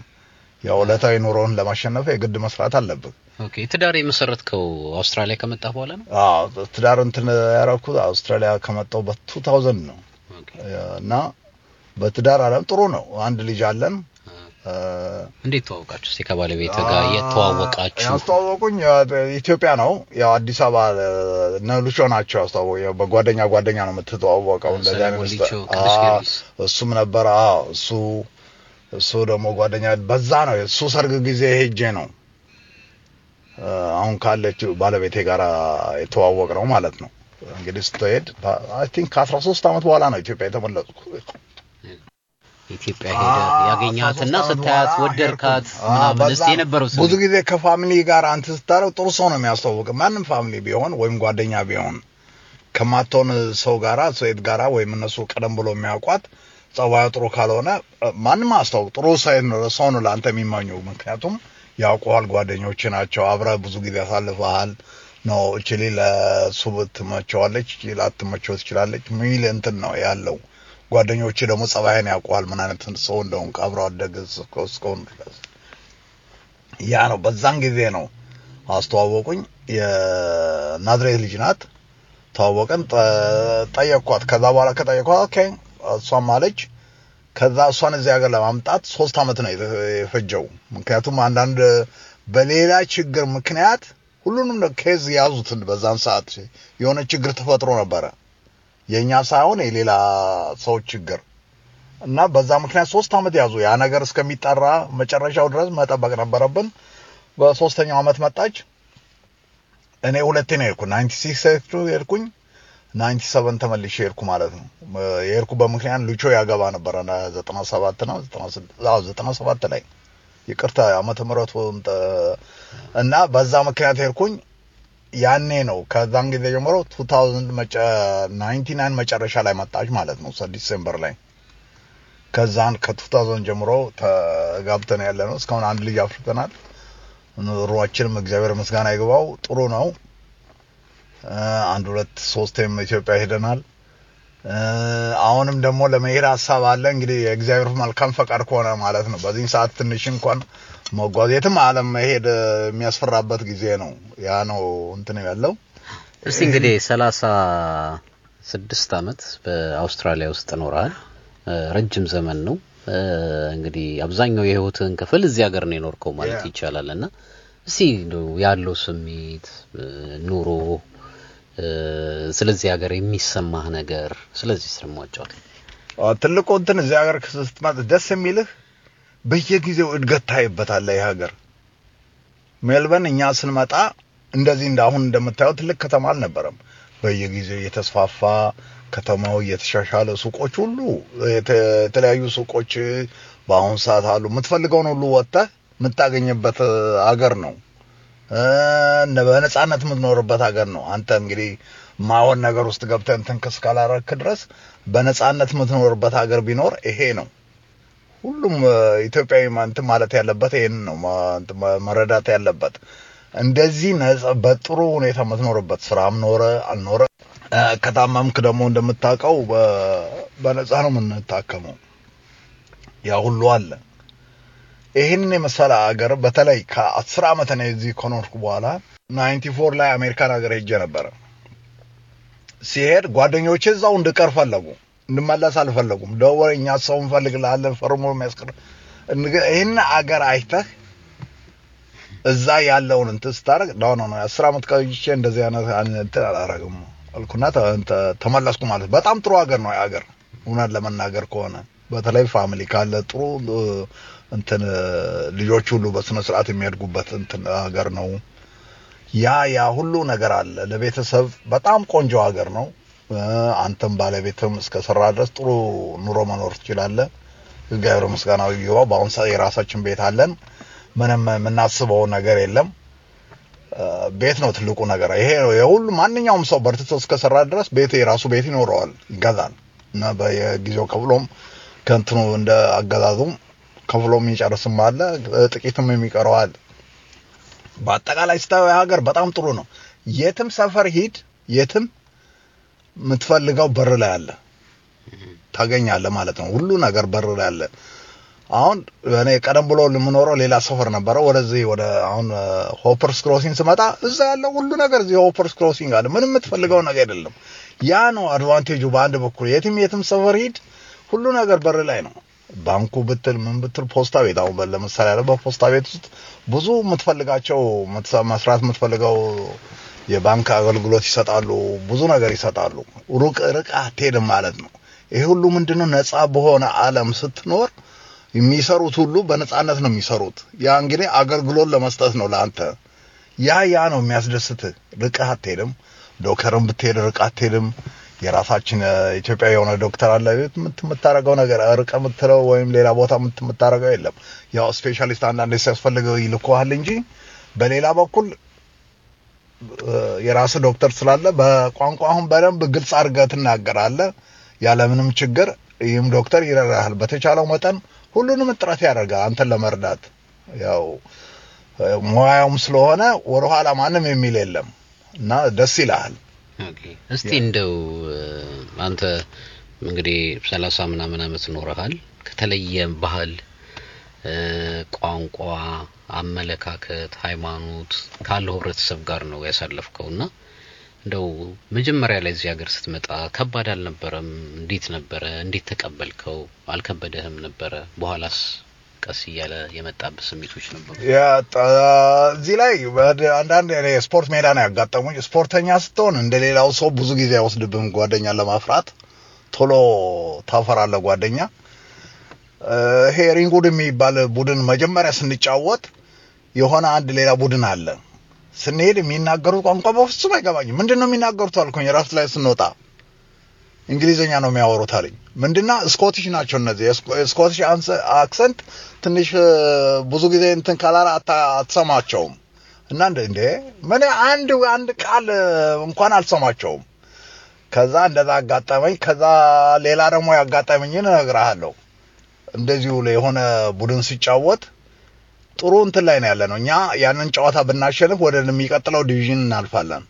A: ያው ዕለታዊ ኑሮን ለማሸነፍ የግድ መስራት አለብህ።
B: ኦኬ ትዳር የመሰረትከው አውስትራሊያ
A: ከመጣ በኋላ ነው? አዎ ትዳር እንትን ያደረኩት አውስትራሊያ ከመጣው በ2000 ነው እና በትዳር አለም ጥሩ ነው። አንድ ልጅ አለን። እንዴት ተዋወቃችሁ? እስኪ ከባለቤት ጋር የተዋወቃችሁ? ያስተዋወቁኝ ኢትዮጵያ ነው። ያው አዲስ አበባ ነሉቾ ናቸው ያስተዋወቁ። በጓደኛ ጓደኛ ነው የምትተዋወቀው እሱም ነበረ እሱ እሱ ደግሞ ጓደኛ በዛ ነው። እሱ ሰርግ ጊዜ ሄጄ ነው አሁን ካለችው ባለቤቴ ጋር የተዋወቅ ነው ማለት ነው። እንግዲህ ስትሄድ አይ ቲንክ ከአስራ ሶስት አመት በኋላ ነው ኢትዮጵያ የተመለጥኩ። ኢትዮጵያ ሄደ
B: ያገኛትና ስታያት ወደድካት ምናምን እስቲ የነበረው ብዙ
A: ጊዜ ከፋሚሊ ጋር አንተ ስታረው ጥሩ ሰው ነው የሚያስተዋውቅ ማንም ፋሚሊ ቢሆን ወይም ጓደኛ ቢሆን ከማቶን ሰው ጋር ሴት ጋር ወይም እነሱ ቀደም ብሎ የሚያውቋት ጸባዩ ጥሩ ካልሆነ ማንም አስተውቅ ጥሩ ሰው ነው ለአንተ የሚመኙ ምክንያቱም ያውቁሃል ጓደኞች ናቸው አብረ ብዙ ጊዜ ያሳልፈሃል ነው እችሊ ለሱ ትመቸዋለች ላትመቸው ትችላለች ሚል እንትን ነው ያለው ጓደኞቹ ደግሞ ጸባይን ያውቀዋል፣ ምን አይነት ሰው እንደሆን ቀብሮ አደግ እስከሆን ድረስ ያ ነው። በዛን ጊዜ ነው አስተዋወቁኝ። የናዝሬት ልጅ ናት። ተዋወቀን፣ ጠየኳት። ከዛ በኋላ ከጠየኳት ኦኬ እሷም አለች። ከዛ እሷን እዚህ ሀገር ለማምጣት ሶስት አመት ነው የፈጀው። ምክንያቱም አንዳንድ በሌላ ችግር ምክንያት ሁሉንም ኬዝ ያዙት። በዛን ሰዓት የሆነ ችግር ተፈጥሮ ነበረ። የእኛ ሳይሆን የሌላ ሰዎች ችግር እና በዛ ምክንያት ሶስት አመት ያዙ። ያ ነገር እስከሚጠራ መጨረሻው ድረስ መጠበቅ ነበረብን። በሶስተኛው አመት መጣች። እኔ ሁለቴ ነው የሄድኩ። ናይንቲ ሲክስ የሄድኩኝ ናይንቲ ሰቨን ተመልሼ የሄድኩ ማለት ነው። የሄድኩበት ምክንያት ልቾ ያገባ ነበረ ዘጠና ሰባት ነው ዘጠና ሰባት ላይ ይቅርታ ዓመተ ምሕረቱ እና በዛ ምክንያት ሄድኩኝ። ያኔ ነው ከዛን ጊዜ ጀምሮ 2099 መጨረሻ ላይ መጣች ማለት ነው ዲሴምበር ላይ ከዛን ከ2000 ጀምሮ ተጋብተን ያለ ነው እስካሁን አንድ ልጅ አፍርተናል ኑሯችንም እግዚአብሔር ምስጋና ይግባው ጥሩ ነው አንድ ሁለት ሶስትም ኢትዮጵያ ሄደናል አሁንም ደግሞ ለመሄድ ሀሳብ አለ እንግዲህ የእግዚአብሔር መልካም ፈቃድ ከሆነ ማለት ነው በዚህ ሰዓት ትንሽ እንኳን መጓዝ የትም ዓለም መሄድ የሚያስፈራበት ጊዜ ነው። ያ ነው እንትን ያለው። እስቲ እንግዲህ
B: ሰላሳ ስድስት አመት በአውስትራሊያ ውስጥ ኖረሃል። ረጅም ዘመን ነው እንግዲህ አብዛኛው የህይወትህን ክፍል እዚህ ሀገር ነው የኖርከው ማለት ይቻላል። እና እስቲ ያለው ስሜት ኑሮ፣ ስለዚህ ሀገር የሚሰማህ ነገር ስለዚህ
A: ስርሟጫል ትልቁ እንትን እዚህ ሀገር ስትመጣ ደስ የሚልህ በየጊዜው እድገት ታይበታለ። ይህ ሀገር ሜልበን እኛ ስንመጣ እንደዚህ እንዳሁን አሁን እንደምታየው ትልቅ ከተማ አልነበረም። በየጊዜው እየተስፋፋ ከተማው እየተሻሻለ ሱቆች ሁሉ የተለያዩ ሱቆች በአሁኑ ሰዓት አሉ። የምትፈልገውን ሁሉ ወጥተህ የምታገኝበት አገር ነው። በነጻነት የምትኖርበት ሀገር ነው። አንተ እንግዲህ ማሆን ነገር ውስጥ ገብተህ እንትን ክስ ካላረክ ድረስ በነጻነት የምትኖርበት ሀገር ቢኖር ይሄ ነው። ሁሉም ኢትዮጵያዊ እንትን ማለት ያለበት ይህን ነው መረዳት ያለበት። እንደዚህ ነጻ በጥሩ ሁኔታ የምትኖርበት ስራም ኖረ አልኖረ፣ ከታመምክ ደግሞ እንደምታውቀው በነፃ ነው የምንታከመው። ያ ሁሉ አለ። ይህንን የመሰለ አገር በተለይ ከአስር ዓመት ነው እዚህ ከኖርኩ በኋላ ናይንቲ ፎር ላይ አሜሪካን ሀገር ሄጄ ነበረ። ሲሄድ ጓደኞቼ እዛው እንድቀር ፈለጉ። እንመለስ አልፈለጉም። ደወር እኛ ሰው እንፈልግልሃለን ፈርሞ የሚያስቀር ይህን አገር አይተህ እዛ ያለውን እንትን ስታደርግ ዳው ነው ነው አስር ዓመት ቆይቼ እንደዚህ አይነት እንትን አላደርግም አልኩና ተመለስኩ። ማለት በጣም ጥሩ ሀገር ነው ሀገር እውነት ለመናገር ከሆነ በተለይ ፋሚሊ ካለ ጥሩ እንትን ልጆች ሁሉ በስነ ስርዓት የሚያድጉበት እንትን ሀገር ነው። ያ ያ ሁሉ ነገር አለ። ለቤተሰብ በጣም ቆንጆ ሀገር ነው። አንተም ባለቤትም እስከሰራ ድረስ ጥሩ ኑሮ መኖር ትችላለህ። እግዚአብሔር ምስጋና ይግባው። በአሁኑ ሰዓት የራሳችን ቤት አለን። ምንም የምናስበው ነገር የለም። ቤት ነው ትልቁ ነገር። ይሄ የሁሉ ማንኛውም ሰው በርትቶ እስከሰራ ድረስ ቤት የራሱ ቤት ይኖረዋል፣ ይገዛል እና በየጊዜው ከፍሎም ከንትኑ እንደ አገዛዙም ከፍሎ የሚጨርስም አለ፣ ጥቂትም የሚቀረዋል። በአጠቃላይ ስታየው ሀገር በጣም ጥሩ ነው። የትም ሰፈር ሂድ፣ የትም የምትፈልገው በር ላይ አለ፣ ታገኛለህ ማለት ነው። ሁሉ ነገር በር ላይ አለ። አሁን እኔ ቀደም ብሎ የምኖረው ሌላ ሰፈር ነበረ። ወደዚህ ወደ አሁን ሆፐርስ ክሮሲንግ ስመጣ እዛ ያለው ሁሉ ነገር እዚህ ሆፐርስ ክሮሲንግ አለ። ምንም የምትፈልገው ነገር አይደለም። ያ ነው አድቫንቴጁ። በአንድ በኩል የትም የትም ሰፈር ሂድ፣ ሁሉ ነገር በር ላይ ነው። ባንኩ ብትል ምን ብትል ፖስታ ቤት አሁን ለምሳሌ ያለ በፖስታ ቤት ውስጥ ብዙ የምትፈልጋቸው መስራት የምትፈልገው የባንክ አገልግሎት ይሰጣሉ፣ ብዙ ነገር ይሰጣሉ። ሩቅ ርቃ አትሄድም ማለት ነው። ይሄ ሁሉ ምንድነው? ነፃ በሆነ ዓለም ስትኖር የሚሰሩት ሁሉ በነፃነት ነው የሚሰሩት። ያ እንግዲህ አገልግሎት ለመስጠት ነው ለአንተ። ያ ያ ነው የሚያስደስት። ርቃ አትሄድም። ዶክተርም ብትሄድ ርቃ አትሄድም። የራሳችን ኢትዮጵያ የሆነ ዶክተር አለ። የምታረገው ነገር ርቀ የምትለው ወይም ሌላ ቦታ የምታረገው የለም። ያው ስፔሻሊስት አንዳንዴ ሲያስፈልገው ይልኮሃል እንጂ በሌላ በኩል የራስ ዶክተር ስላለ በቋንቋውን በደንብ ግልጽ አድርገህ ትናገራለህ ያለምንም ችግር። ይህም ዶክተር ይረዳሃል። በተቻለው መጠን ሁሉንም ጥረት ያደርጋል አንተን ለመርዳት። ያው ሙያውም ስለሆነ ኋላ ማንም የሚል የለም እና ደስ ይልሃል።
B: እስቲ እንደው አንተ እንግዲህ ሰላሳ ምናምን አመት ኖረሃል ከተለየ ባህል ቋንቋ፣ አመለካከት፣ ሃይማኖት ካለው ህብረተሰብ ጋር ነው ያሳለፍከው እና እንደው መጀመሪያ ላይ እዚህ ሀገር ስትመጣ ከባድ አልነበረም? እንዴት ነበረ? እንዴት ተቀበልከው? አልከበደህም ነበረ? በኋላስ ቀስ እያለ የመጣበት ስሜቶች ነበሩ?
A: እዚህ ላይ አንዳንድ ስፖርት ሜዳ ነው ያጋጠሙኝ። ስፖርተኛ ስትሆን እንደ ሌላው ሰው ብዙ ጊዜ አይወስድብህም ጓደኛ ለማፍራት ቶሎ ታፈራለህ ጓደኛ ሄሪንጉድ የሚባል ቡድን መጀመሪያ ስንጫወት የሆነ አንድ ሌላ ቡድን አለ። ስንሄድ የሚናገሩት ቋንቋ በፍጹም አይገባኝም። ምንድን ነው የሚናገሩት አልኩኝ። እረፍት ላይ ስንወጣ እንግሊዝኛ ነው የሚያወሩት አለኝ። ምንድና ስኮቲሽ ናቸው እነዚህ። ስኮቲሽ አክሰንት ትንሽ ብዙ ጊዜ እንትን ካላራ አትሰማቸውም እና እንደ ምን አንድ አንድ ቃል እንኳን አልሰማቸውም። ከዛ እንደዛ አጋጠመኝ። ከዛ ሌላ ደግሞ ያጋጠመኝን እነግርሃለሁ። እንደዚሁ የሆነ ቡድን ሲጫወት ጥሩ እንትን ላይ ነው ያለ ነው። እኛ ያንን ጨዋታ ብናሸንፍ ወደ የሚቀጥለው ዲቪዥን እናልፋለን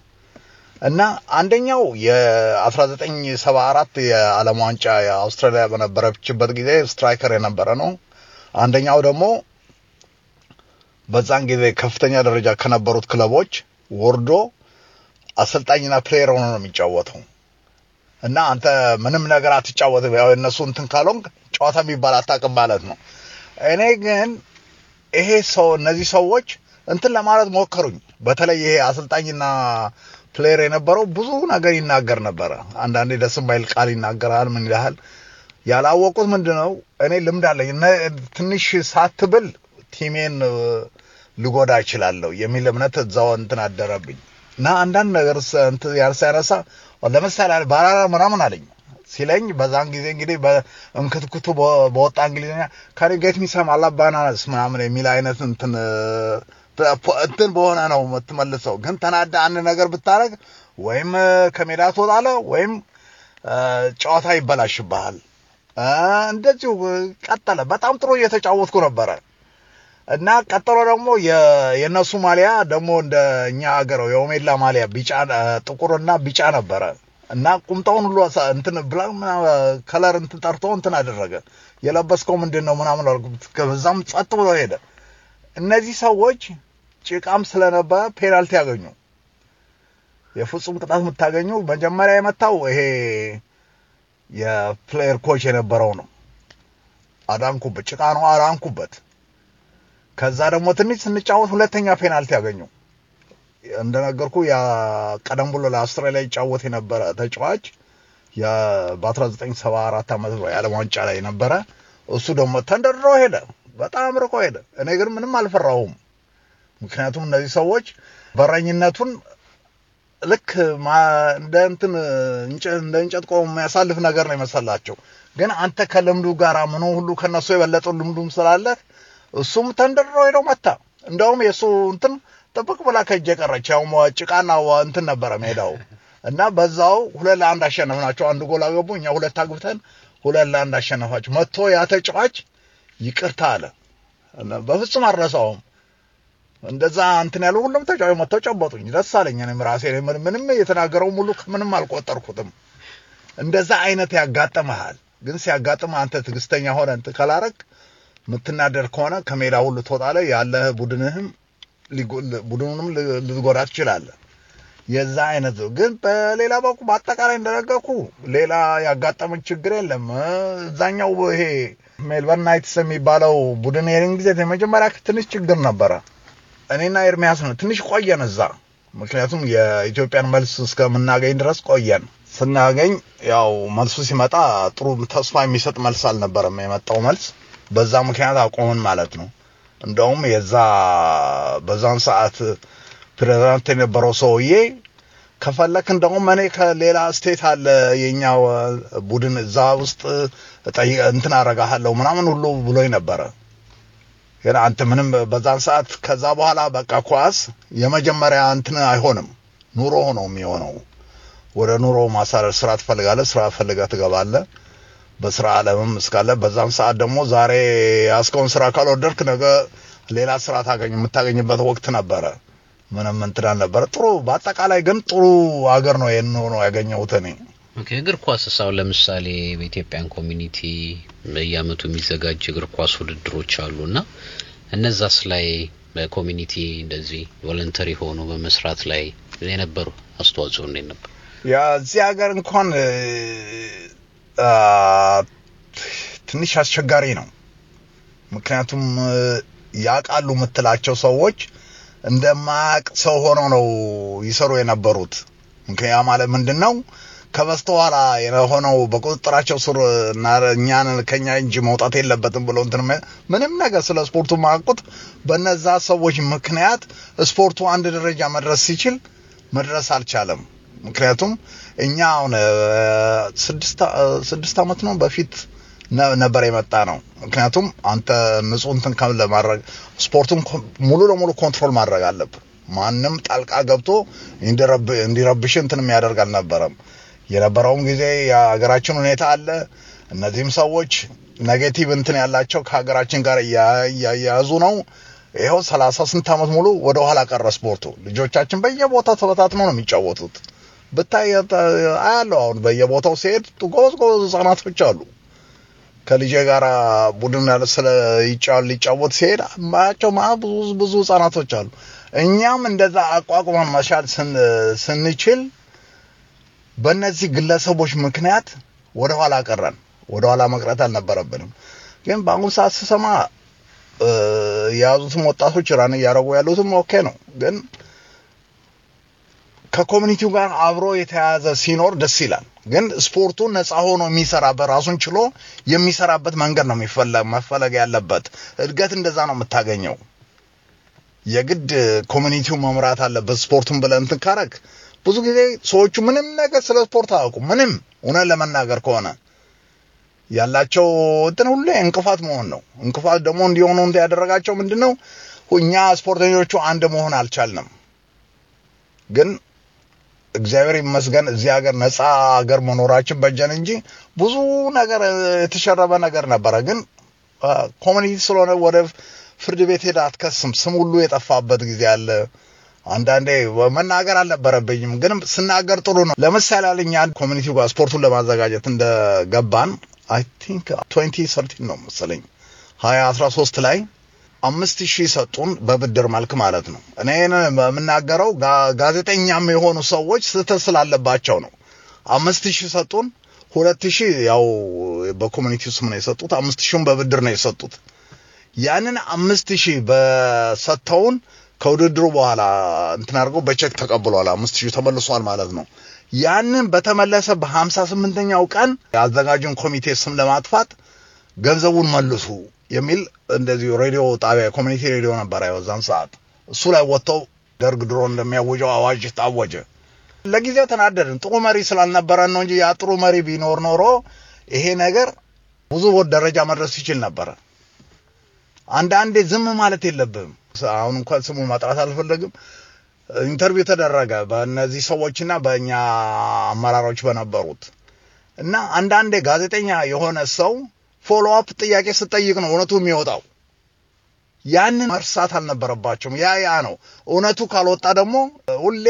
A: እና አንደኛው የ1974 የዓለም ዋንጫ የአውስትራሊያ በነበረችበት ጊዜ ስትራይከር የነበረ ነው። አንደኛው ደግሞ በዛን ጊዜ ከፍተኛ ደረጃ ከነበሩት ክለቦች ወርዶ አሰልጣኝና ፕሌየር ሆኖ ነው የሚጫወተው እና አንተ ምንም ነገር አትጫወትም። ያው እነሱ እንትን ካልሆንክ ጨዋታ የሚባል አታውቅም ማለት ነው። እኔ ግን ይሄ ሰው እነዚህ ሰዎች እንትን ለማለት ሞከሩኝ። በተለይ ይሄ አሰልጣኝና ፕሌየር የነበረው ብዙ ነገር ይናገር ነበረ። አንዳንዴ ደስ የማይል ቃል ይናገራል። ምን ይልሃል? ያላወቁት ምንድን ነው? እኔ ልምድ አለኝ። ትንሽ ሳትብል ቲሜን ልጎዳ እችላለሁ የሚል እምነት እዛው እንትን አደረብኝ እና አንዳንድ ነገር ያነሳ ለምሳሌ ባራራ ምናምን አለኝ ሲለኝ በዛን ጊዜ እንግዲህ እንክትክቱ በወጣ እንግሊዝኛ ጌት ሚሰም አላባናስ ምናምን የሚል አይነት እንትን በሆነ ነው የምትመልሰው። ግን ተናዳ አንድ ነገር ብታደረግ ወይም ከሜዳ ትወጣለ ወይም ጨዋታ ይበላሽብሃል። እንደዚሁ ቀጠለ። በጣም ጥሩ እየተጫወትኩ ነበረ እና ቀጠሎ ደግሞ የእነሱ ማሊያ ደግሞ እንደ እኛ ሀገረው የኦሜድላ ማሊያ ቢጫ ጥቁርና ቢጫ ነበረ። እና ቁምጣውን ሁሉ እንትን ብላ ከለር እንትን ጠርቶ እንትን አደረገ። የለበስከው ምንድን ነው ምናምን አልኩ። ከዛም ጸጥ ብሎ ሄደ። እነዚህ ሰዎች ጭቃም ስለነበረ ፔናልቲ ያገኙ። የፍጹም ቅጣት የምታገኙ መጀመሪያ የመታው ይሄ የፕሌየር ኮች የነበረው ነው። አዳንኩበት፣ ጭቃ ነው አዳንኩበት። ከዛ ደግሞ ትንሽ ስንጫወት ሁለተኛ ፔናልቲ ያገኙ። እንደነገርኩ ቀደም ብሎ ለአውስትራሊያ ይጫወት የነበረ ተጫዋች በ1974 ዓመት የዓለም ዋንጫ ላይ ነበረ። እሱ ደግሞ ተንደርድሮ ሄደ፣ በጣም ርቆ ሄደ። እኔ ግን ምንም አልፈራሁም። ምክንያቱም እነዚህ ሰዎች በረኝነቱን ልክ እንደ እንትን እንደ እንጨት ቆሞ የሚያሳልፍ ነገር ነው የመሰላቸው። ግን አንተ ከልምዱ ጋር ምኖ ሁሉ ከነሱ የበለጠ ልምዱም ስላለህ እሱም ተንደርድሮ ሄደው መታ። እንደውም የእሱ እንትን ጥብቅ ብላ ከእጄ ቀረች። ያው ጭቃና እንትን ነበረ ሜዳው እና በዛው ሁለት ለአንድ አሸነፍናቸው። አንድ ጎል አገቡ፣ እኛ ሁለት አግብተን ሁለት ለአንድ አሸነፋቸው። መጥቶ ያ ተጫዋች ይቅርታ አለ። በፍጹም አረሳውም። እንደዛ እንትን ያለው ሁሉም ተጫዋች መጥተው ጨበጡኝ። ደስ አለኝ። እኔም ራሴ ምንም የተናገረው ሙሉ ምንም አልቆጠርኩትም። እንደዛ አይነት ያጋጥመሃል። ግን ሲያጋጥም አንተ ትዕግስተኛ ሆነ እንትን ካላረግ የምትናደድ ከሆነ ከሜዳ ሁሉ ትወጣለህ። ያለህ ቡድንህም ቡድኑንም ልትጎዳ ትችላለህ። የዛ አይነት ግን በሌላ በኩል በአጠቃላይ እንደረገኩ ሌላ ያጋጠመች ችግር የለም። እዛኛው ይሄ ሜልበርን ናይትስ የሚባለው ቡድን የሄድን ጊዜ የመጀመሪያ ትንሽ ችግር ነበረ። እኔና ኤርሚያስ ነው ትንሽ ቆየን እዛ፣ ምክንያቱም የኢትዮጵያን መልስ እስከምናገኝ ድረስ ቆየን። ስናገኝ ያው መልሱ ሲመጣ ጥሩ ተስፋ የሚሰጥ መልስ አልነበረም የመጣው መልስ። በዛ ምክንያት አቆምን ማለት ነው። እንደውም የዛ በዛን ሰዓት ፕሬዝዳንት የነበረው ሰውዬ ከፈለክ እንደውም እኔ ከሌላ ስቴት አለ የኛው ቡድን እዛ ውስጥ ጠይቀ እንትን አረጋሃለሁ ምናምን ሁሉ ብሎኝ ነበረ። ግን አንተ ምንም በዛን ሰዓት ከዛ በኋላ በቃ ኳስ የመጀመሪያ እንትን አይሆንም፣ ኑሮ ነው የሚሆነው። ወደ ኑሮ ማሳረር ስራ ትፈልጋለህ፣ ስራ ፈልጋ ትገባለህ። በስራ ዓለምም እስካለ በዛም ሰዓት ደግሞ ዛሬ ያስከውን ስራ ካልወደድክ ነገ ሌላ ስራ ታገኝ የምታገኝበት ወቅት ነበረ። ምንም እንትን አልነበረ። ጥሩ በአጠቃላይ ግን ጥሩ አገር ነው ይህን ሆኖ ያገኘሁት እኔ።
B: እግር ኳስ እስካሁን ለምሳሌ በኢትዮጵያን ኮሚኒቲ በየአመቱ የሚዘጋጅ እግር ኳስ ውድድሮች አሉ እና እነዛስ ላይ በኮሚኒቲ እንደዚህ ቮለንተሪ ሆኖ በመስራት ላይ የነበሩ አስተዋጽኦ እንዴት ነበር?
A: ያ እዚህ ሀገር እንኳን ትንሽ አስቸጋሪ ነው። ምክንያቱም ያውቃሉ የምትላቸው ሰዎች እንደማያውቅ ሰው ሆኖ ነው ይሰሩ የነበሩት። ምክንያ ማለት ምንድን ነው? ከበስተኋላ የሆነው በቁጥጥራቸው ስር እኛን ከኛ እንጂ መውጣት የለበትም ብሎ እንትን ምንም ነገር ስለ ስፖርቱ ማያውቁት በነዛ ሰዎች ምክንያት ስፖርቱ አንድ ደረጃ መድረስ ሲችል መድረስ አልቻለም። ምክንያቱም እኛ አሁን ስድስት አመት ነው በፊት ነበር የመጣ ነው። ምክንያቱም አንተ ንጹህ እንትን ከም ለማድረግ ስፖርቱን ሙሉ ለሙሉ ኮንትሮል ማድረግ አለብ ማንም ጣልቃ ገብቶ እንዲረብሽ እንትን የሚያደርግ አልነበረም። የነበረውም ጊዜ የሀገራችን ሁኔታ አለ። እነዚህም ሰዎች ኔጌቲቭ እንትን ያላቸው ከሀገራችን ጋር እያያዙ ነው። ይኸው ሰላሳ ስንት አመት ሙሉ ወደ ኋላ ቀረ ስፖርቱ። ልጆቻችን በየቦታው ተበታትነው ነው የሚጫወቱት። ብታይ አያለው። አሁን በየቦታው ሲሄድ ጎበዝ ጎበዝ ህጻናቶች አሉ። ከልጄ ጋር ቡድን ስለ ሊጫወት ሲሄድ ማያቸው ማ ብዙ ብዙ ህጻናቶች አሉ። እኛም እንደዛ አቋቁመን መሻል ስንችል በእነዚህ ግለሰቦች ምክንያት ወደኋላ ቀረን። ወደኋላ መቅረት አልነበረብንም። ግን በአሁኑ ሰዓት ስሰማ የያዙትም ወጣቶች ራን እያደረጉ ያሉትም ኦኬ ነው ግን ከኮሚኒቲው ጋር አብሮ የተያያዘ ሲኖር ደስ ይላል። ግን ስፖርቱ ነፃ ሆኖ የሚሰራበት ራሱን ችሎ የሚሰራበት መንገድ ነው መፈለግ ያለበት። እድገት እንደዛ ነው የምታገኘው። የግድ ኮሚኒቲው መምራት አለበት። ስፖርቱን ብለን እንትን ካረግ ብዙ ጊዜ ሰዎቹ ምንም ነገር ስለ ስፖርት አያውቁም። ምንም እውነት ለመናገር ከሆነ ያላቸው እንትን ሁሌ እንቅፋት መሆን ነው። እንቅፋት ደግሞ እንዲሆኑ ያደረጋቸው ምንድን ነው? እኛ ስፖርተኞቹ አንድ መሆን አልቻልንም። ግን እግዚአብሔር ይመስገን እዚህ ሀገር ነፃ ሀገር መኖራችን በጀን እንጂ ብዙ ነገር የተሸረበ ነገር ነበረ። ግን ኮሚኒቲ ስለሆነ ወደ ፍርድ ቤት ሄደ አትከስም። ስም ሁሉ የጠፋበት ጊዜ አለ። አንዳንዴ መናገር አልነበረብኝም፣ ግን ስናገር ጥሩ ነው። ለምሳሌ አለኛ አንድ ኮሚኒቲ ጋር ስፖርቱን ለማዘጋጀት እንደገባን አይ ቲንክ ሰርቲን ነው መሰለኝ ሶስት ላይ አምስት ሺህ ሰጡን በብድር መልክ ማለት ነው። እኔ የምናገረው ጋዜጠኛም የሆኑ ሰዎች ስህተት ስላለባቸው ነው። አምስት ሺህ ሰጡን። ሁለት ሺህ ያው በኮሚኒቲ ስም ነው የሰጡት። አምስት ሺህም በብድር ነው የሰጡት። ያንን አምስት ሺህ በሰጥተውን ከውድድሩ በኋላ እንትን አድርገው በቼክ ተቀብሏል። አምስት ሺህ ተመልሷል ማለት ነው። ያንን በተመለሰ በሀምሳ ስምንተኛው ቀን የአዘጋጁን ኮሚቴ ስም ለማጥፋት ገንዘቡን መልሱ የሚል እንደዚሁ ሬዲዮ ጣቢያ ኮሚኒቲ ሬዲዮ ነበረ በዛን ሰዓት። እሱ ላይ ወጥተው ደርግ ድሮ እንደሚያወጀው አዋጅ ታወጀ። ለጊዜው ተናደድን፣ ጥሩ መሪ ስላልነበረን ነው እንጂ ያ ጥሩ መሪ ቢኖር ኖሮ ይሄ ነገር ብዙ ደረጃ መድረስ ይችል ነበረ። አንዳንዴ ዝም ማለት የለብም። አሁን እንኳን ስሙ ማጥራት አልፈለግም። ኢንተርቪው ተደረገ በእነዚህ ሰዎችና በእኛ አመራሮች በነበሩት እና አንዳንዴ ጋዜጠኛ የሆነ ሰው ፎሎ አፕ ጥያቄ ስጠይቅ ነው እውነቱ የሚወጣው። ያንን መርሳት አልነበረባቸውም። ያ ያ ነው እውነቱ። ካልወጣ ደግሞ ሁሌ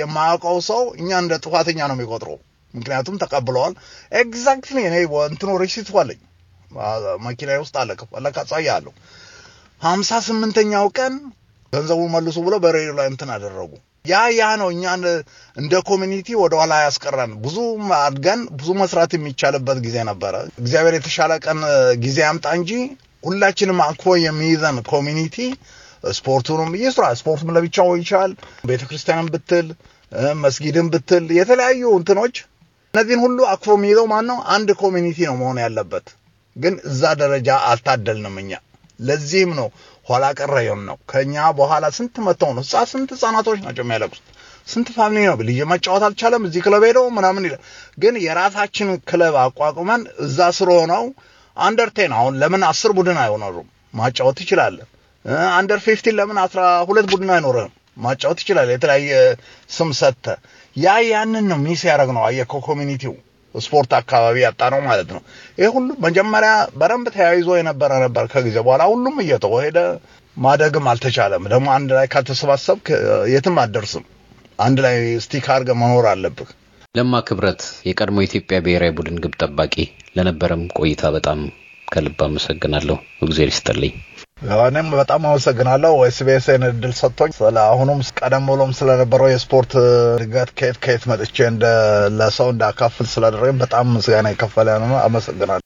A: የማያውቀው ሰው እኛ እንደ ጥፋተኛ ነው የሚቆጥረው። ምክንያቱም ተቀብለዋል። ኤግዛክትሊ እኔ እንትኑ ሪሲት አለኝ መኪና ውስጥ አለ ከፈለክ አለው ሀምሳ ስምንተኛው ቀን ገንዘቡ መልሱ ብለው በሬዲዮ ላይ እንትን አደረጉ። ያ ያ ነው እኛን እንደ ኮሚኒቲ ወደኋላ ያስቀረን። ብዙ አድገን ብዙ መስራት የሚቻልበት ጊዜ ነበረ። እግዚአብሔር የተሻለ ቀን ጊዜ ያምጣ እንጂ ሁላችንም አቅፎ የሚይዘን ኮሚኒቲ ስፖርቱንም ይስራ። ስፖርቱም ለብቻው ይችላል። ቤተክርስቲያንም ብትል መስጊድም ብትል የተለያዩ እንትኖች እነዚህን ሁሉ አቅፎ የሚይዘው ማን ነው? አንድ ኮሚኒቲ ነው መሆን ያለበት። ግን እዛ ደረጃ አልታደልንም እኛ። ለዚህም ነው ኋላ ቀረ ነው። ከኛ በኋላ ስንት መተው ነው ህጻ ስንት ህጻናቶች ናቸው የሚያለቅሱት። ስንት ፋሚሊ ነው ልጅ መጫወት አልቻለም፣ እዚህ ክለብ ሄደው ምናምን ይላል። ግን የራሳችን ክለብ አቋቁመን እዛ ስር ሆነው አንደርቴን አሁን ለምን አስር ቡድን አይሆነሩም? ማጫወት ትችላለህ። አንደር ፊፍቲን ለምን አስራ ሁለት ቡድን አይኖርም ማጫወት ትችላለህ። የተለያየ ስም ሰጥተ ያ ያንን ነው ሚስ ያደረግ ነው አየ ከኮሚኒቲው ስፖርት አካባቢ ያጣ ነው ማለት ነው። ይህ ሁሉ መጀመሪያ በደንብ ተያይዞ የነበረ ነበር። ከጊዜ በኋላ ሁሉም እየተወሄደ ማደግም አልተቻለም። ደግሞ አንድ ላይ ካልተሰባሰብክ የትም አትደርስም። አንድ ላይ ስቲክ አርገ መኖር አለብህ።
B: ለማ ክብረት የቀድሞ የኢትዮጵያ ብሔራዊ ቡድን ግብ ጠባቂ፣ ለነበረም ቆይታ በጣም ከልብ አመሰግናለሁ። እግዜር ይስጥልኝ።
A: እኔም በጣም አመሰግናለሁ ኤስቢኤስን እድል ሰጥቶኝ ስለ አሁኑም ቀደም ብሎም ስለነበረው የስፖርት እድገት ከየት ከየት መጥቼ ለሰው እንዳካፍል ስላደረገኝ በጣም ምስጋና የከፈለ ነው። አመሰግናለሁ።